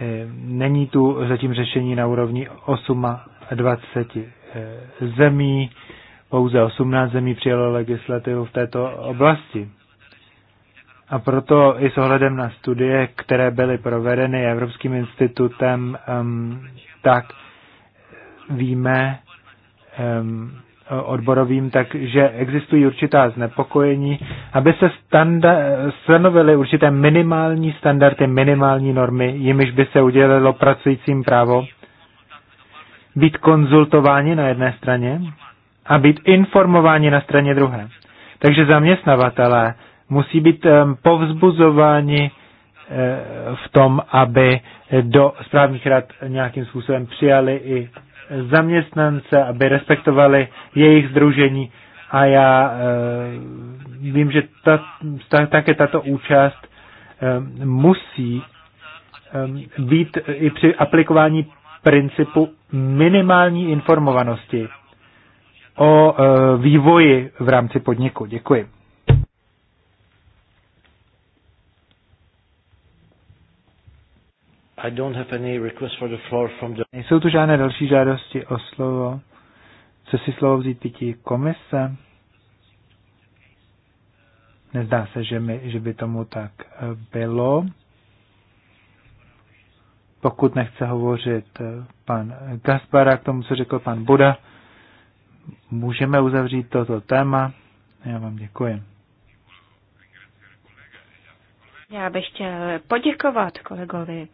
eh, není tu zatím řešení na úrovni 8 20 zemí. Pouze 18 zemí přijalo legislativu v této oblasti. A proto i s ohledem na studie, které byly provedeny Evropským institutem, um, tak víme um, odborovým, takže existují určitá znepokojení, aby se stanovily určité minimální standardy, minimální normy, jimiž by se udělilo pracujícím právo být konzultováni na jedné straně a být informováni na straně druhé. Takže zaměstnavatelé musí být povzbuzováni eh, v tom, aby do správních rad nějakým způsobem přijali i zaměstnance, aby respektovali jejich združení. A já eh, vím, že ta, ta, také tato účast eh, musí být i při aplikování principu minimální informovanosti o vývoji v rámci podniku. Děkuji. I don't have any request for the floor from the... Nejsou tu žádné další žádosti o slovo. Chce si slovo vzít pití komise? Nezdá se, že, mi, že by tomu tak eh, bylo. Pokud nechce hovořit eh, pan Gaspara k tomu, co řekl pan Buda, můžeme uzavřít toto téma. Já vám děkuji. Já bych chtěl poděkovat kolegovi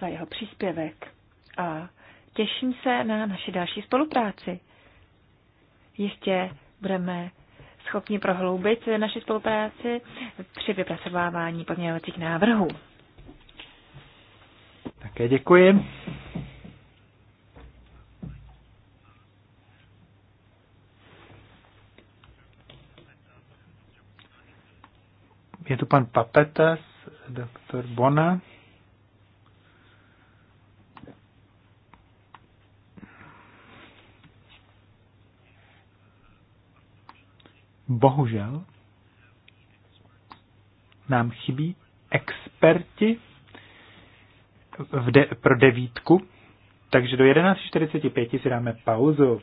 za jeho příspěvek a těším se na naši další spolupráci. Jistě budeme schopni prohloubit naši spolupráci při vypracovávání pozměňovacích návrhů. Také děkuji. Je tu pan Papetas, doktor Bona. bohužel nám chybí experti v de, pro devítku, takže do 11.45 si dáme pauzu.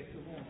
quelques secondes.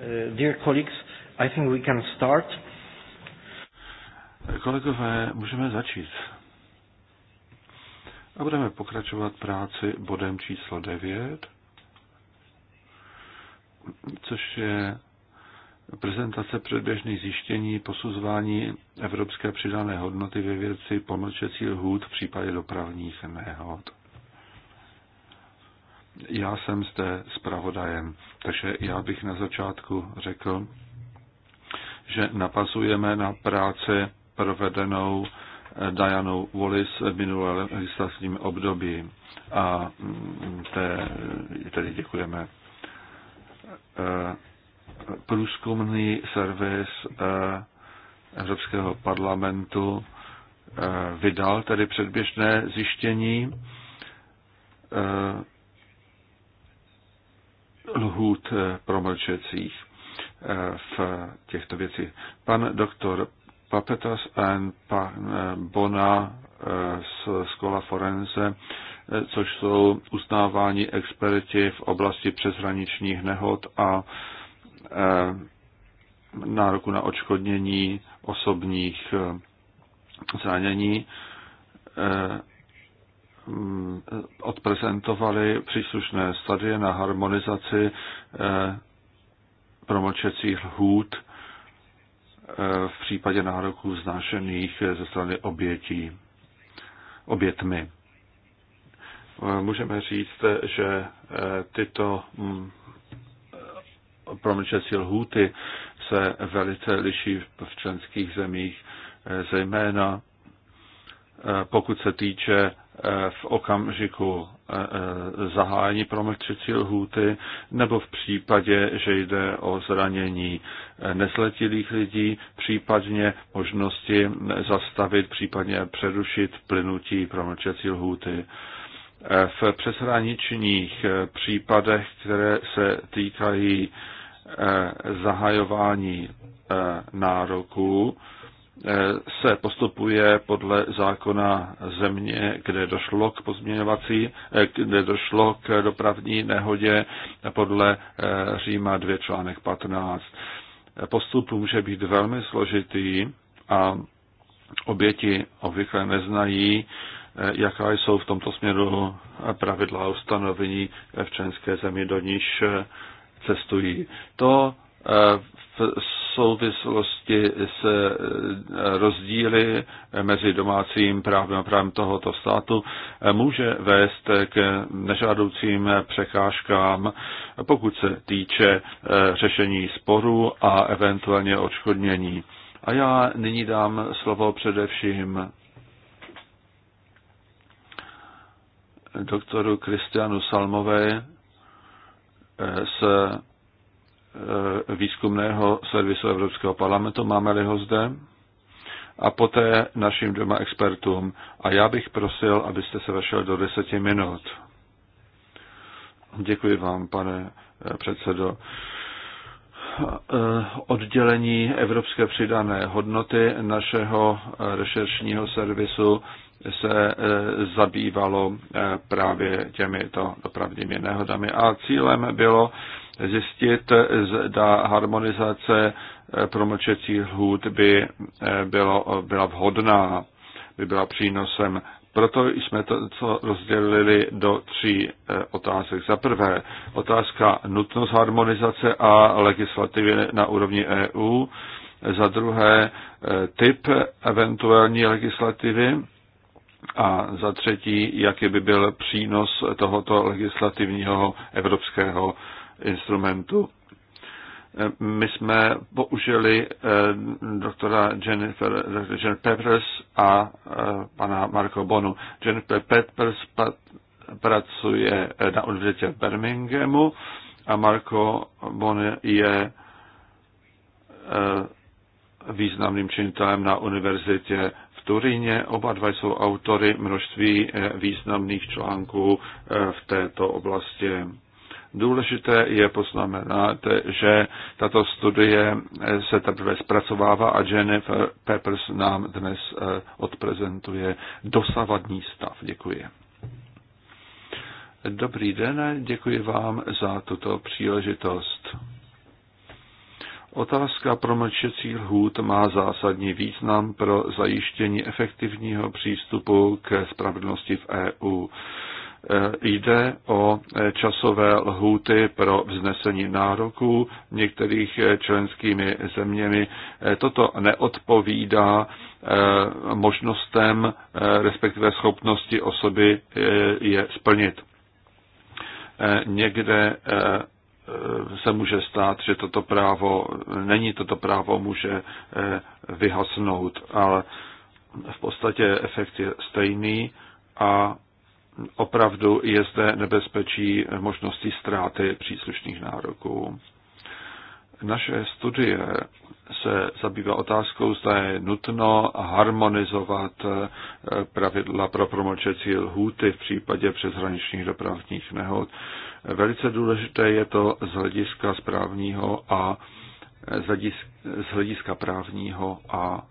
Eh, dear colleagues, I think we can start. Kolegové, můžeme začít. A budeme pokračovat práci bodem číslo 9, což je prezentace předběžných zjištění posuzování evropské přidané hodnoty ve věci pomlčecí lhůt v případě dopravních nehod. Já jsem zde zpravodajem, takže já bych na začátku řekl, že napazujeme na práci provedenou eh, Dianou Wallis v minulém legislativním období a mm, té, tedy děkujeme. Eh, průzkumný servis eh, Evropského parlamentu vydal tedy předběžné zjištění lhůt eh, promlčecích eh, v těchto věcích. Pan doktor Papetas a pan eh, Bona z Skola Forense, což jsou uznávání experti v oblasti přeshraničních nehod a nároku na odškodnění osobních zranění Eh, odprezentovali příslušné stadie na harmonizaci eh, promlčecích lhůt eh, v případě nároků znášených ze strany obětí, obětmi. Můžeme říct, že tyto mm, promlčecí lhůty se velice liší v členských zemích, zejména pokud se týče Eh, v okamžiku eh, eh, zahájení promlčecí lhůty nebo v případě, že jde o zranění nezletilých lidí, případně možnosti zastavit, případně přerušit plynutí promlčecí lhůty. V přeshraničních případech, které se týkají zahajování nároků, Eh, se postupuje podle zákona země, kde došlo k pozměňovací, eh, kde došlo k dopravní nehodě podle eh, Říma 2 článek 15. Postup může být velmi složitý a oběti obvykle neznají, jaká jsou v tomto směru pravidla a ustanovení v členské zemi, do níž cestují. To v souvislosti s eh, rozdíly mezi domácím právem a právem tohoto státu eh, může vést k nežádoucím překážkám, pokud se týče eh, řešení sporů a eventuálně odškodnění. A já nyní dám slovo především doktoru Kristianu Salmové z Eh, výzkumného servisu Evropského parlamentu, máme-li ho zde, a poté našim dvěma expertům. A já bych prosil, abyste se vešel do deseti minut. Děkuji vám, pane eh, předsedo. Eh, oddělení Evropské přidané hodnoty našeho rešeršního servisu se eh, zabývalo eh, právě těmito dopravními nehodami. A cílem bylo zjistit, zda harmonizace eh, promlčecích hůd by bylo, byla vhodná, by byla přínosem. Proto jsme to co rozdělili do tří otázek. Za prvé otázka nutnost harmonizace a legislativy na úrovni EU. Za druhé typ eventuální legislativy a za třetí, jaký by byl přínos tohoto legislativního evropského instrumentu. My jsme použili eh, doktora Jennifer, Jennifer Peppers a eh, pana Marko Bonu. Jennifer Peppers pracuje eh, na univerzitě v Birminghamu a Marko Bon je významným činitelem na univerzitě Turíně. Oba dva jsou autory množství eh, významných článků eh, v této oblasti. Důležité je poznamenat, že tato studie eh, se teprve zpracovává a Jennifer Peppers nám dnes odprezentuje dosavadní stav. Děkuji. Dobrý den, děkuji vám za tuto příležitost. Otázka promlčecí lhůt má zásadní význam pro zajištění efektivního přístupu k spravedlnosti v EU. E, jde o e, časové lhůty pro vznesení nároků některých e, členskými zeměmi. Toto neodpovídá možnostem, respektive schopnosti osoby je splnit. Někde Eh, se může stát, že toto právo, není toto právo, může eh, vyhasnout, ale v podstatě efekt je stejný a opravdu je zde nebezpečí možnosti ztráty příslušných nároků. Naše studie se zabývá otázkou, zda je nutno harmonizovat eh, pravidla pro promlčecí lhůty v případě přeshraničních dopravních nehod. Velice důležité je to z hlediska správního a eh, z hlediska, právního a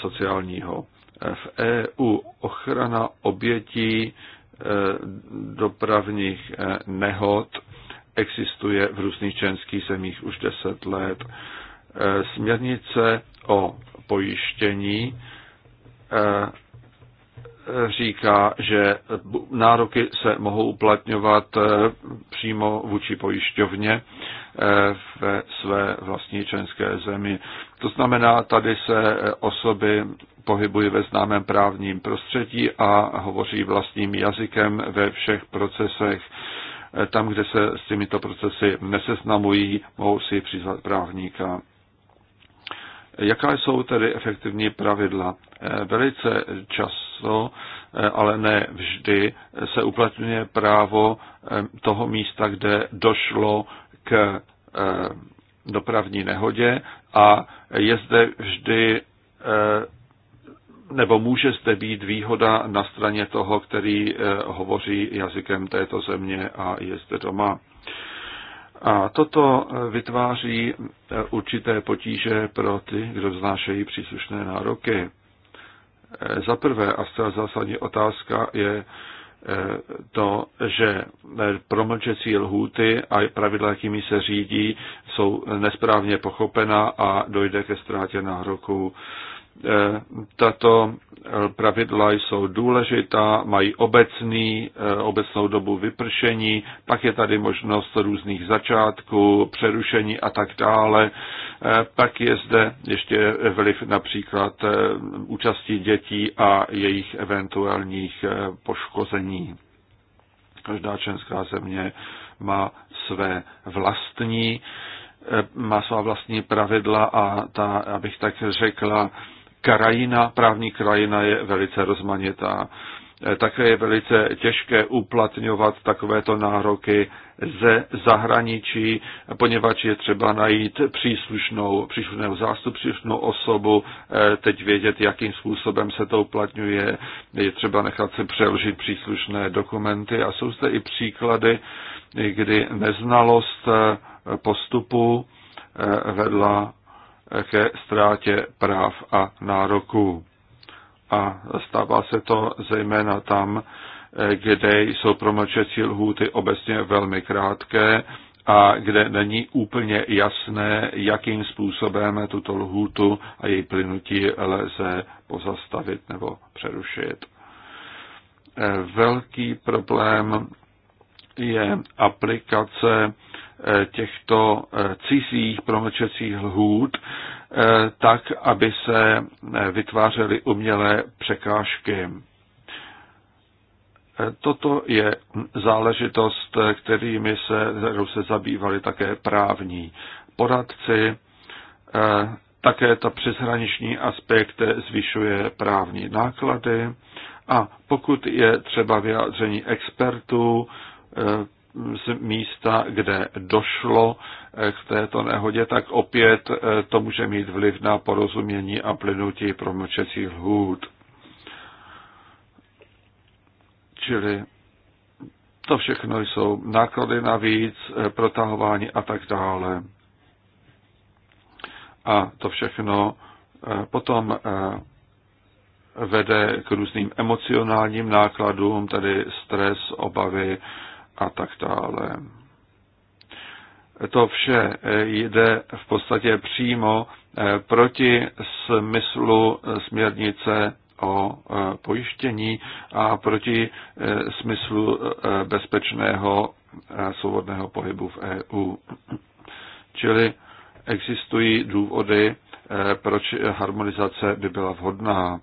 sociálního. Eh, v EU ochrana obětí dopravních nehod existuje v různých členských zemích už 10 let. E, směrnice o pojištění e, říká, že nároky se mohou uplatňovat e, přímo vůči pojišťovně ve své vlastní členské zemi. To znamená, tady se osoby pohybují ve známém právním prostředí a hovoří vlastním jazykem ve všech procesech. Eh, tam, kde se s těmito procesy neseznamují, mohou si přizvat právníka. Jaká jsou tedy efektivní pravidla? Eh, velice často, eh, ale ne vždy, se uplatňuje právo toho místa, kde došlo k dopravní nehodě a je zde vždy nebo může zde být výhoda na straně toho, který eh, hovoří jazykem této země a je zde doma. A toto eh, vytváří eh, určité potíže pro ty, kdo vznášejí příslušné nároky. Za prvé a zcela zásadní otázka je to, že promlčecí lhůty a pravidla, jakými se řídí, jsou nesprávně pochopena a dojde ke ztrátě nároku. Tato pravidla jsou důležitá, mají obecný, eh, obecnou dobu vypršení, pak je tady možnost různých začátků, přerušení a tak dále. Eh, pak je zde ještě vliv například eh, účasti dětí a jejich eventuálních poškození. Každá členská země má své vlastní, má svá vlastní pravidla a ta, abych tak řekla, krajina, právní krajina je velice rozmanitá. Eh, také je velice těžké uplatňovat takovéto nároky ze zahraničí, poněvadž je třeba najít příslušnou, příslušnou zástup, příslušnou osobu, eh, teď vědět, jakým způsobem se to uplatňuje, je třeba nechat si přeložit příslušné dokumenty a jsou zde i příklady, kdy neznalost eh, postupu vedla ke ztrátě práv a nároků. A stává se to zejména tam, kde jsou promlčecí lhůty obecně velmi krátké a kde není úplně jasné, jakým způsobem tuto lhůtu a její plynutí lze pozastavit nebo přerušit. Velký problém je aplikace těchto eh, cizích promlčecích lhůt, eh, tak, aby se eh, vytvářely umělé překážky. Toto je záležitost, kterými se, kterou se zabývali také právní poradci. Také ta přeshraniční aspekt zvyšuje právní náklady a pokud je třeba vyjádření expertů, z místa, kde došlo eh, k této nehodě, tak opět eh, to může mít vliv na porozumění a plynutí promlčecích lhůt. Čili to všechno jsou náklady navíc, eh, protahování a tak dále. A to všechno potom vede k různým emocionálním nákladům, tedy stres, obavy, a tak dále. To vše jde v podstatě přímo eh, proti smyslu směrnice o eh, pojištění a proti eh, smyslu bezpečného svobodného pohybu v EU. Čili existují důvody, proč harmonizace by byla vhodná.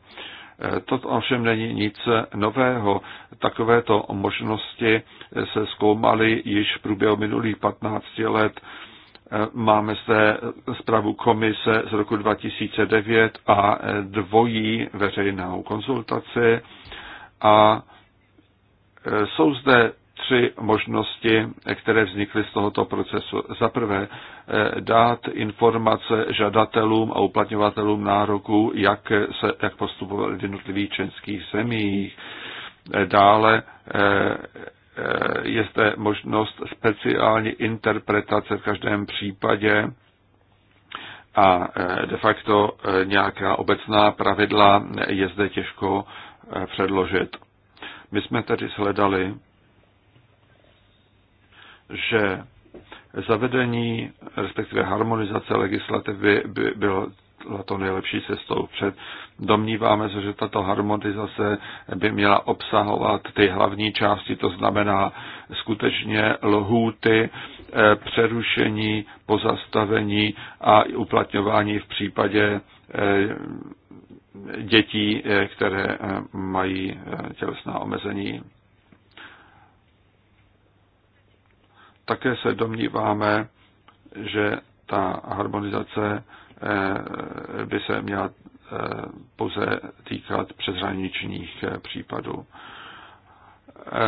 To ovšem není nic nového. Takovéto možnosti se zkoumaly již v průběhu minulých 15 let. Máme zde zprávu komise z roku 2009 a dvojí veřejnou konzultaci a jsou zde tři možnosti, které vznikly z tohoto procesu. Za prvé, eh, dát informace žadatelům a uplatňovatelům nároků, jak, se, jak postupovali v jednotlivých českých zemích. Eh, dále eh, je zde možnost speciální interpretace v každém případě a de facto nějaká obecná pravidla je zde těžko předložit. My jsme tedy shledali, že zavedení, respektive harmonizace legislativy by bylo byla to nejlepší cestou před. Domníváme se, že tato harmonizace by měla obsahovat ty hlavní části, to znamená skutečně lhůty, eh, přerušení, pozastavení a uplatňování v případě eh, dětí, eh, které mají tělesná omezení. také se domníváme, že ta harmonizace eh, by se měla eh, pouze týkat přeshraničních eh, případů.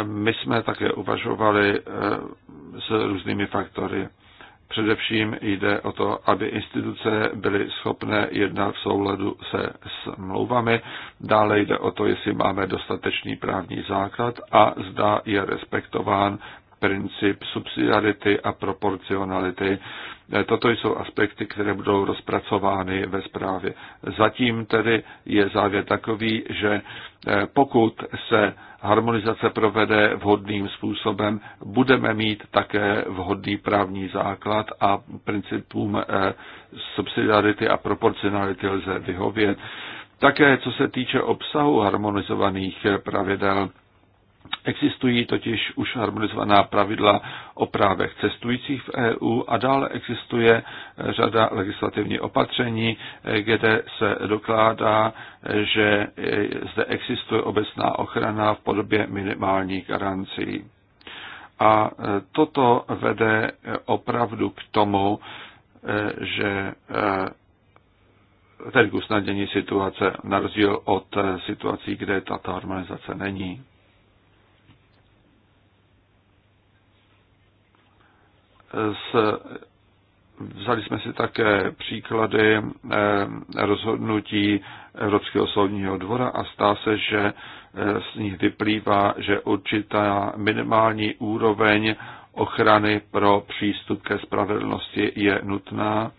My jsme také uvažovali s různými faktory. Především jde o to, aby instituce byly schopné jednat v souladu se smlouvami. Dále jde o to, jestli máme dostatečný právní základ a zda je respektován princip subsidiarity a proporcionality. Eh, Toto jsou aspekty, které budou rozpracovány ve zprávě. Zatím tedy je závěr takový, že eh, pokud se harmonizace provede vhodným způsobem, budeme mít také vhodný právní základ a principům eh, subsidiarity a proporcionality lze vyhovět. Také co se týče obsahu harmonizovaných pravidel, Existují totiž už harmonizovaná pravidla o právech cestujících v EU a dále existuje řada legislativních opatření, kde se dokládá, že zde existuje obecná ochrana v podobě minimálních garancí. A toto vede opravdu k tomu, že tedy k usnadnění situace, na rozdíl od situací, kde tato harmonizace není. s Vzali jsme si také příklady eh, rozhodnutí Evropského soudního dvora a stá se, že eh, z nich vyplývá, že určitá minimální úroveň ochrany pro přístup ke spravedlnosti je nutná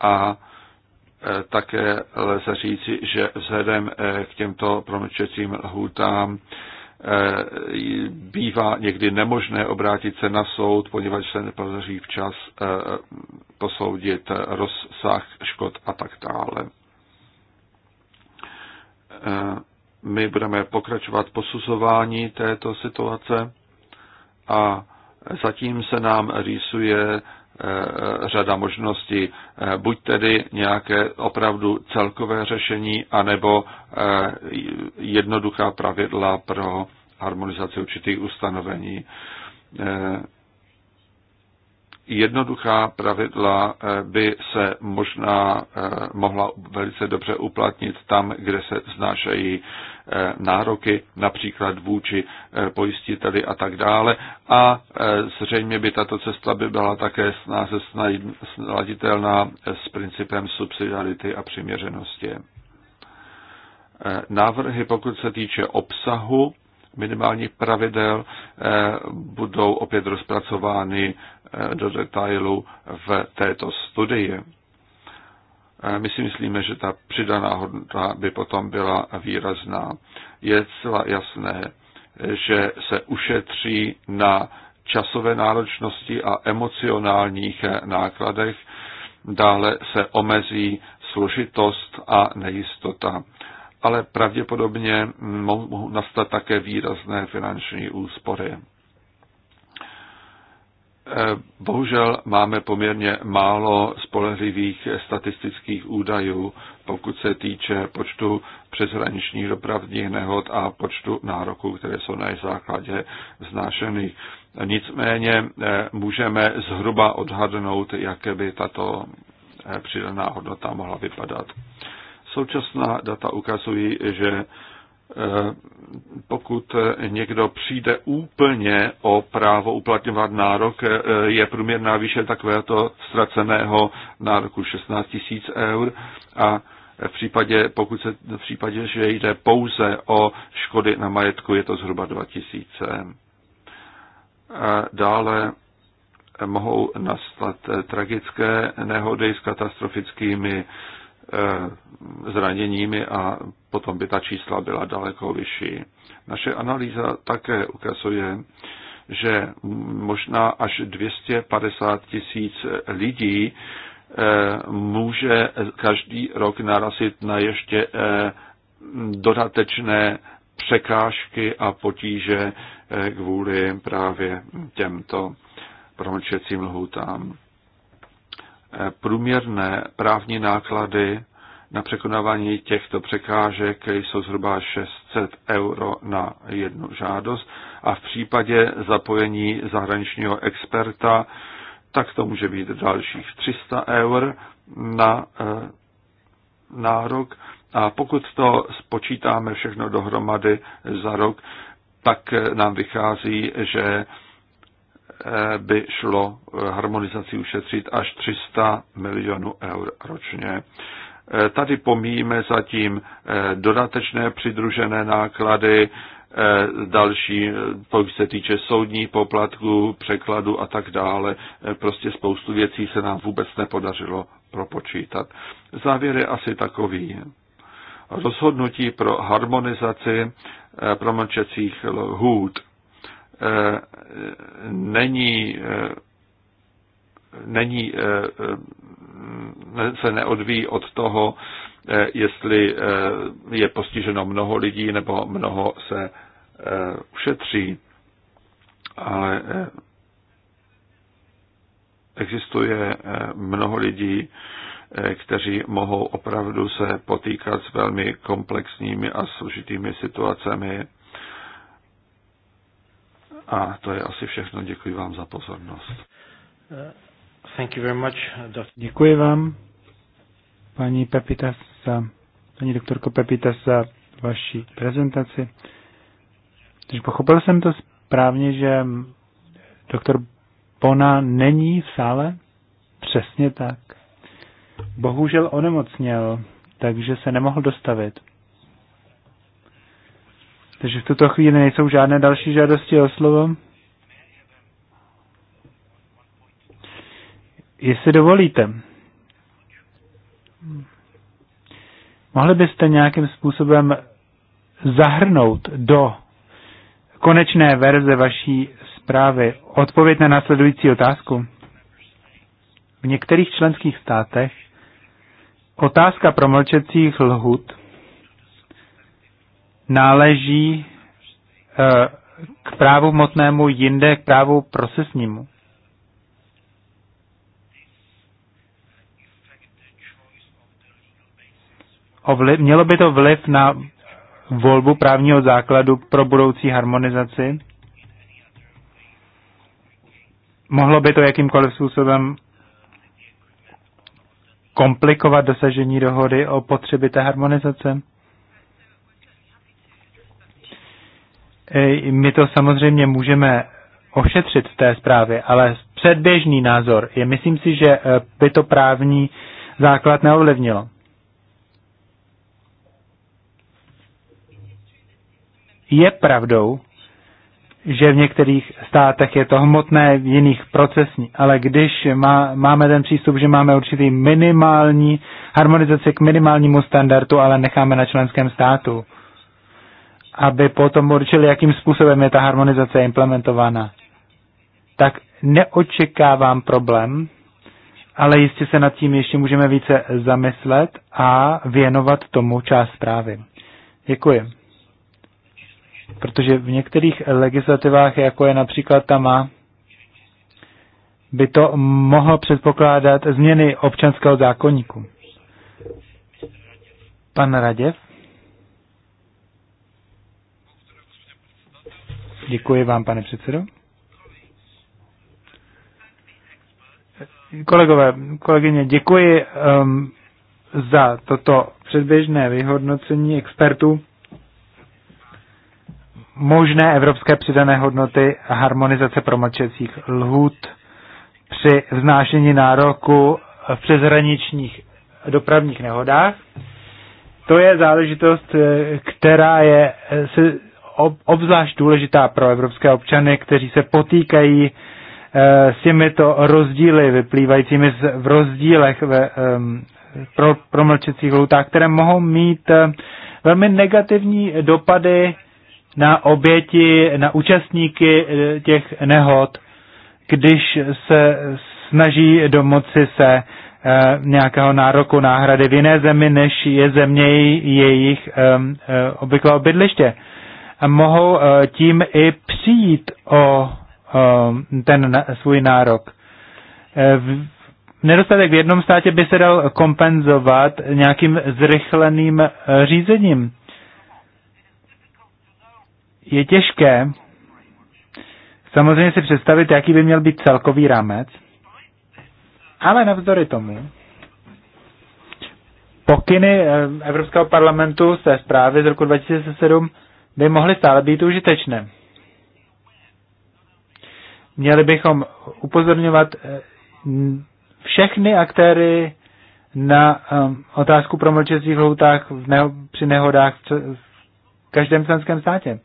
a eh, také lze říci, že vzhledem k těmto promlčecím lhůtám Eh, bývá někdy nemožné obrátit se na soud, poněvadž se nepodaří včas eh, posoudit rozsah škod a tak dále. Eh, my budeme pokračovat posuzování této situace a zatím se nám rýsuje Eh, řada možností. Eh, buď tedy nějaké opravdu celkové řešení, anebo eh, jednoduchá pravidla pro harmonizaci určitých ustanovení. Jednoduchá pravidla by se možná mohla velice dobře uplatnit tam, kde se znášejí Eh, nároky, například vůči eh, pojistiteli a tak dále. A eh, zřejmě by tato cesta by byla také snáze snaditelná s principem subsidiarity a přiměřenosti. Návrhy, pokud se týče obsahu minimálních pravidel, budou opět rozpracovány do detailu v této studii my si myslíme, že ta přidaná hodnota by potom byla výrazná. Je zcela jasné, že se ušetří na časové náročnosti a emocionálních nákladech, dále se omezí složitost a nejistota. Ale pravděpodobně mohou nastat také výrazné finanční úspory. Eh, bohužel máme poměrně málo spolehlivých statistických údajů, pokud se týče počtu přeshraničních dopravních nehod a počtu nároků, které jsou na jejich základě znášeny. Nicméně eh, můžeme zhruba odhadnout, jaké by tato eh, přidaná hodnota mohla vypadat. Současná data ukazují, že Eh, pokud někdo přijde úplně o právo uplatňovat nárok, eh, je průměrná výše takovéto ztraceného nároku 16 tisíc eur a v případě, pokud se, v případě, že jde pouze o škody na majetku, je to zhruba 2 tisíce. Dále mohou nastat tragické nehody s katastrofickými Eh, zraněními a potom by ta čísla byla daleko vyšší. Naše analýza také ukazuje, že možná až 250 tisíc lidí eh, může každý rok narazit na ještě eh, dodatečné překážky a potíže kvůli právě těmto promlčecím lhůtám. Průměrné právní náklady na překonávání těchto překážek jsou zhruba 600 euro na jednu žádost a v případě zapojení zahraničního experta tak to může být dalších 300 eur na e, nárok. A pokud to spočítáme všechno dohromady za rok, tak eh, nám vychází, že by šlo eh, harmonizací ušetřit až 300 milionů eur ročně. Eh, tady pomíjíme zatím eh, dodatečné přidružené náklady, další, pokud se týče soudní poplatků, překladu a tak dále. Prostě spoustu věcí se nám vůbec nepodařilo propočítat. Závěr je asi takový. Rozhodnutí pro harmonizaci promlčecích hůd. Eh, není, eh, není, eh, se neodvíjí od toho, jestli je postiženo mnoho lidí nebo mnoho se ušetří. Ale existuje mnoho lidí, kteří mohou opravdu se potýkat s velmi komplexními a složitými situacemi a to je asi všechno. Děkuji vám za pozornost. Uh, thank you very much, Děkuji vám, paní Pepita, za, paní doktorko Pepita za vaši prezentaci. Když pochopil jsem to správně, že doktor Bona není v sále? Přesně tak. Bohužel onemocněl, takže se nemohl dostavit. Takže v tuto chvíli nejsou žádné další žádosti o slovo. Jestli dovolíte, mohli byste nějakým způsobem zahrnout do konečné verze vaší zprávy odpověď na následující otázku? V některých členských státech otázka promlčecích lhut náleží eh, k právu motnému, jinde k právu procesnímu. mělo by to vliv na volbu právního základu pro budoucí harmonizaci? Mohlo by to jakýmkoliv způsobem komplikovat dosažení dohody o potřebě té harmonizace? Eh, my to samozřejmě můžeme ošetřit v té zprávě, ale předběžný názor je, myslím si, že eh, by to právní základ neovlivnilo. Je pravdou, že v některých státech je to hmotné, v jiných procesní, ale když má, máme ten přístup, že máme určitý minimální harmonizaci k minimálnímu standardu, ale necháme na členském státu, aby potom určili, jakým způsobem je ta harmonizace implementována, tak neočekávám problém, ale jistě se nad tím ještě můžeme více zamyslet a věnovat tomu část zprávy. Děkuji. Protože v některých legislativách, jako je například TAMA, by to mohlo předpokládat změny občanského zákonníku. Pan Raděv? Děkuji vám, pane předsedo. Kolegové, kolegyně, děkuji um, za toto předběžné vyhodnocení expertů možné evropské přidané hodnoty a harmonizace promlčecích lhůt při vznášení nároku v přeshraničních dopravních nehodách. To je záležitost, eh, která je, eh, se obzvlášť důležitá pro evropské občany, kteří se potýkají eh, s těmito rozdíly vyplývajícími v rozdílech ve pro, promlčecích lhůtách, které mohou mít eh, velmi negativní dopady na oběti, na účastníky eh, těch nehod, když se snaží domoci se nějakého nároku náhrady v jiné zemi, než je země jejich obvyklého bydliště mohou eh, tím i přijít o eh, ten svůj nárok. Eh, nedostatek v jednom státě by se dal kompenzovat nějakým zrychleným řízením. Je těžké samozřejmě si představit, jaký by měl být celkový rámec, ale navzdory tomu, pokyny Evropského parlamentu se zprávy z roku 2007 by mohly stále být užitečné. Měli bychom upozorňovat eh, všechny aktéry na um, otázku promlčecích lhůtách v neho, při nehodách v, v každém členském státě.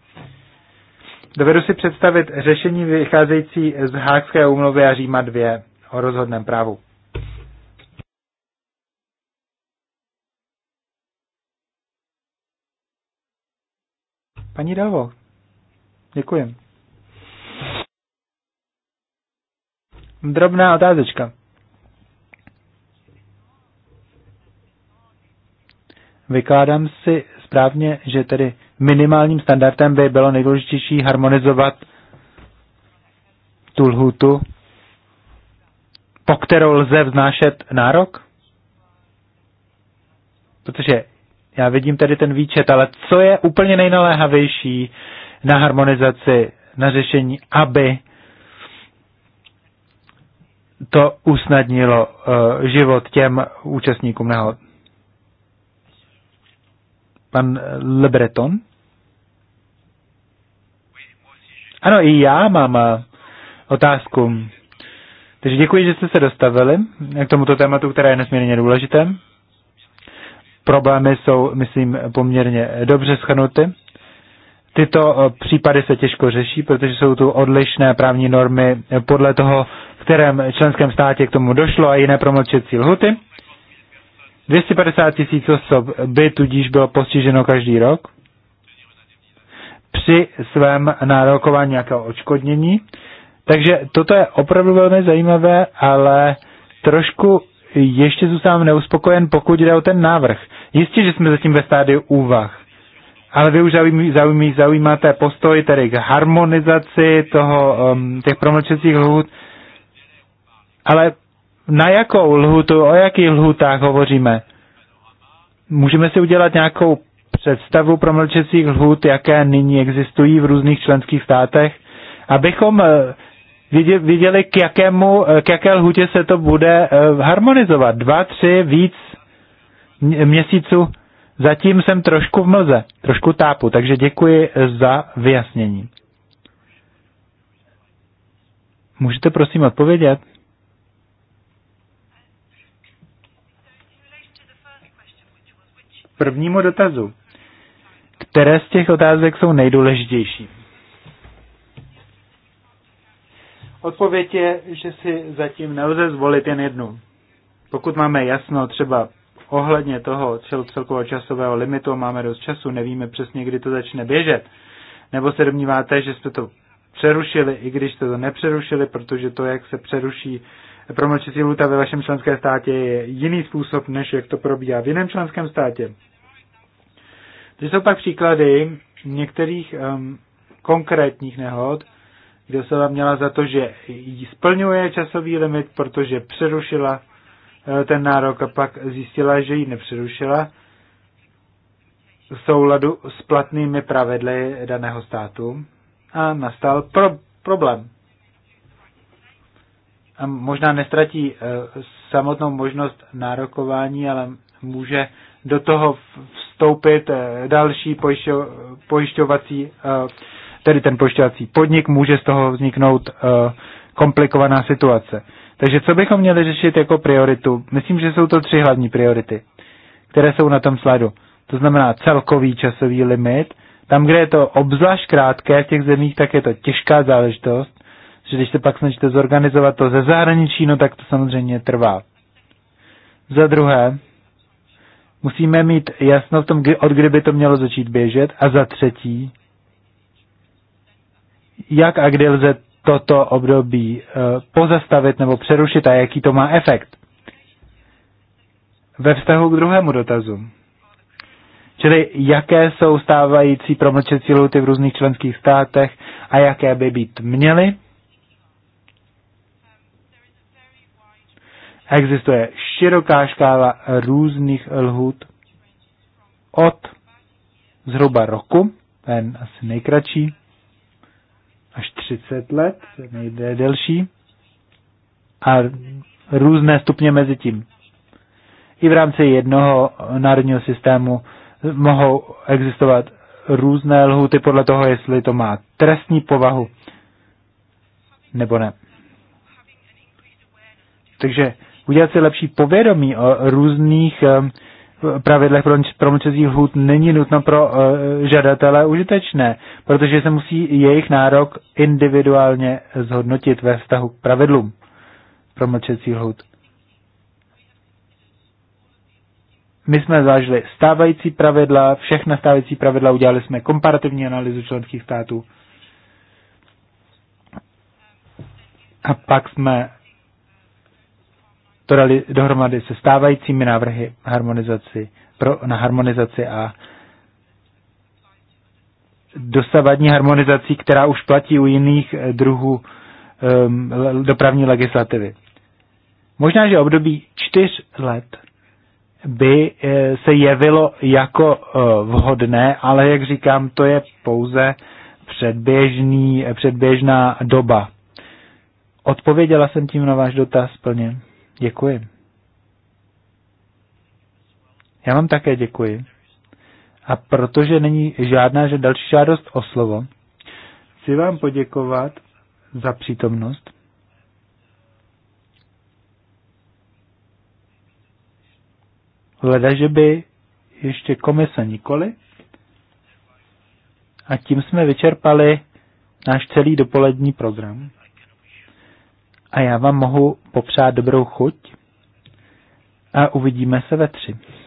Dovedu si představit řešení vycházející z Hákské úmluvy a Říma 2 o rozhodném právu. Paní Davo, děkuji. Drobná otázečka. Vykládám si správně, že tedy minimálním standardem by bylo nejdůležitější harmonizovat tu lhutu, po kterou lze vznášet nárok? Protože já vidím tady ten výčet, ale co je úplně nejnaléhavější na harmonizaci, na řešení, aby to usnadnilo uh, život těm účastníkům nehod. Pan Lebreton? Ano, i já mám eh, otázku. Takže děkuji, že jste se dostavili k tomuto tématu, které je nesmírně důležité problémy jsou, myslím, poměrně dobře schrnuty. Tyto eh, případy se těžko řeší, protože jsou tu odlišné právní normy podle toho, v kterém členském státě k tomu došlo a jiné promlčecí lhuty. 250 tisíc osob by tudíž bylo postiženo každý rok při svém nárokování nějakého očkodnění. Takže toto je opravdu velmi zajímavé, ale trošku ještě zůstávám neuspokojen, pokud jde o ten návrh. Jistě, že jsme zatím ve stádiu úvah, ale vy už zaujmí, zaujmí, zaujímáte postoj tedy k harmonizaci toho, um, těch promlčecích lhůt, ale na jakou lhutu, o jakých lhutách hovoříme? Můžeme si udělat nějakou představu promlčecích lhůt, jaké nyní existují v různých členských státech, abychom eh, viděli, k, jakému, k jaké lhutě se to bude eh, harmonizovat. Dva, tři, víc měsíců. Zatím jsem trošku v mlze, trošku tápu, takže děkuji za vyjasnění. Můžete prosím odpovědět? Prvnímu dotazu. Které z těch otázek jsou nejdůležitější? Odpověď je, že si zatím nelze zvolit jen jednu. Pokud máme jasno třeba ohledně toho cel, celkového časového limitu, máme dost času, nevíme přesně, kdy to začne běžet, nebo se domníváte, že jste to přerušili, i když jste to nepřerušili, protože to, jak se přeruší promlčecí luta ve vašem členském státě, je jiný způsob, než jak to probíhá v jiném členském státě. To jsou pak příklady některých um, konkrétních nehod, Josela měla za to, že jí splňuje časový limit, protože přerušila eh, ten nárok a pak zjistila, že ji nepřerušila v souladu s platnými pravidly daného státu a nastal pro- problém. A možná nestratí eh, samotnou možnost nárokování, ale může do toho vstoupit eh, další pojišťo- pojišťovací tedy ten pojišťovací podnik, může z toho vzniknout eh, komplikovaná situace. Takže co bychom měli řešit jako prioritu? Myslím, že jsou to tři hlavní priority, které jsou na tom slajdu. To znamená celkový časový limit. Tam, kde je to obzvlášť krátké v těch zemích, tak je to těžká záležitost, že když se pak snažíte zorganizovat to ze zahraničí, no tak to samozřejmě trvá. Za druhé, musíme mít jasno v tom, od kdy by to mělo začít běžet. A za třetí, jak a kdy lze toto období eh, pozastavit nebo přerušit a jaký to má efekt. Ve vztahu k druhému dotazu. Čili jaké jsou stávající promlčecí lhuty v různých členských státech a jaké by být měly? Existuje široká škála různých lhůt od zhruba roku, ten asi nejkratší, až 30 let, nejde delší, a různé stupně mezi tím. I v rámci jednoho národního systému mohou existovat různé lhuty podle toho, jestli to má trestní povahu nebo ne. Takže udělat si lepší povědomí o různých eh, pravidlech pro mlčecích hůd není nutno pro eh, žadatele užitečné, protože se musí jejich nárok individuálně zhodnotit ve vztahu k pravidlům pro hůd. My jsme zvážili stávající pravidla, všechna stávající pravidla, udělali jsme komparativní analýzu členských států. A pak jsme to dali dohromady se stávajícími návrhy harmonizaci, pro, na harmonizaci a dosavadní harmonizací, která už platí u jiných eh, druhů um, dopravní legislativy. Možná, že období čtyř let by eh, se jevilo jako eh, vhodné, ale jak říkám, to je pouze předběžný, předběžná doba. Odpověděla jsem tím na váš dotaz plně. Děkuji. Já vám také děkuji. A protože není žádná že další žádost o slovo, chci vám poděkovat za přítomnost. Hleda, že by ještě komise nikoli. A tím jsme vyčerpali náš celý dopolední program a já vám mohu popřát dobrou chuť a uvidíme se ve tři.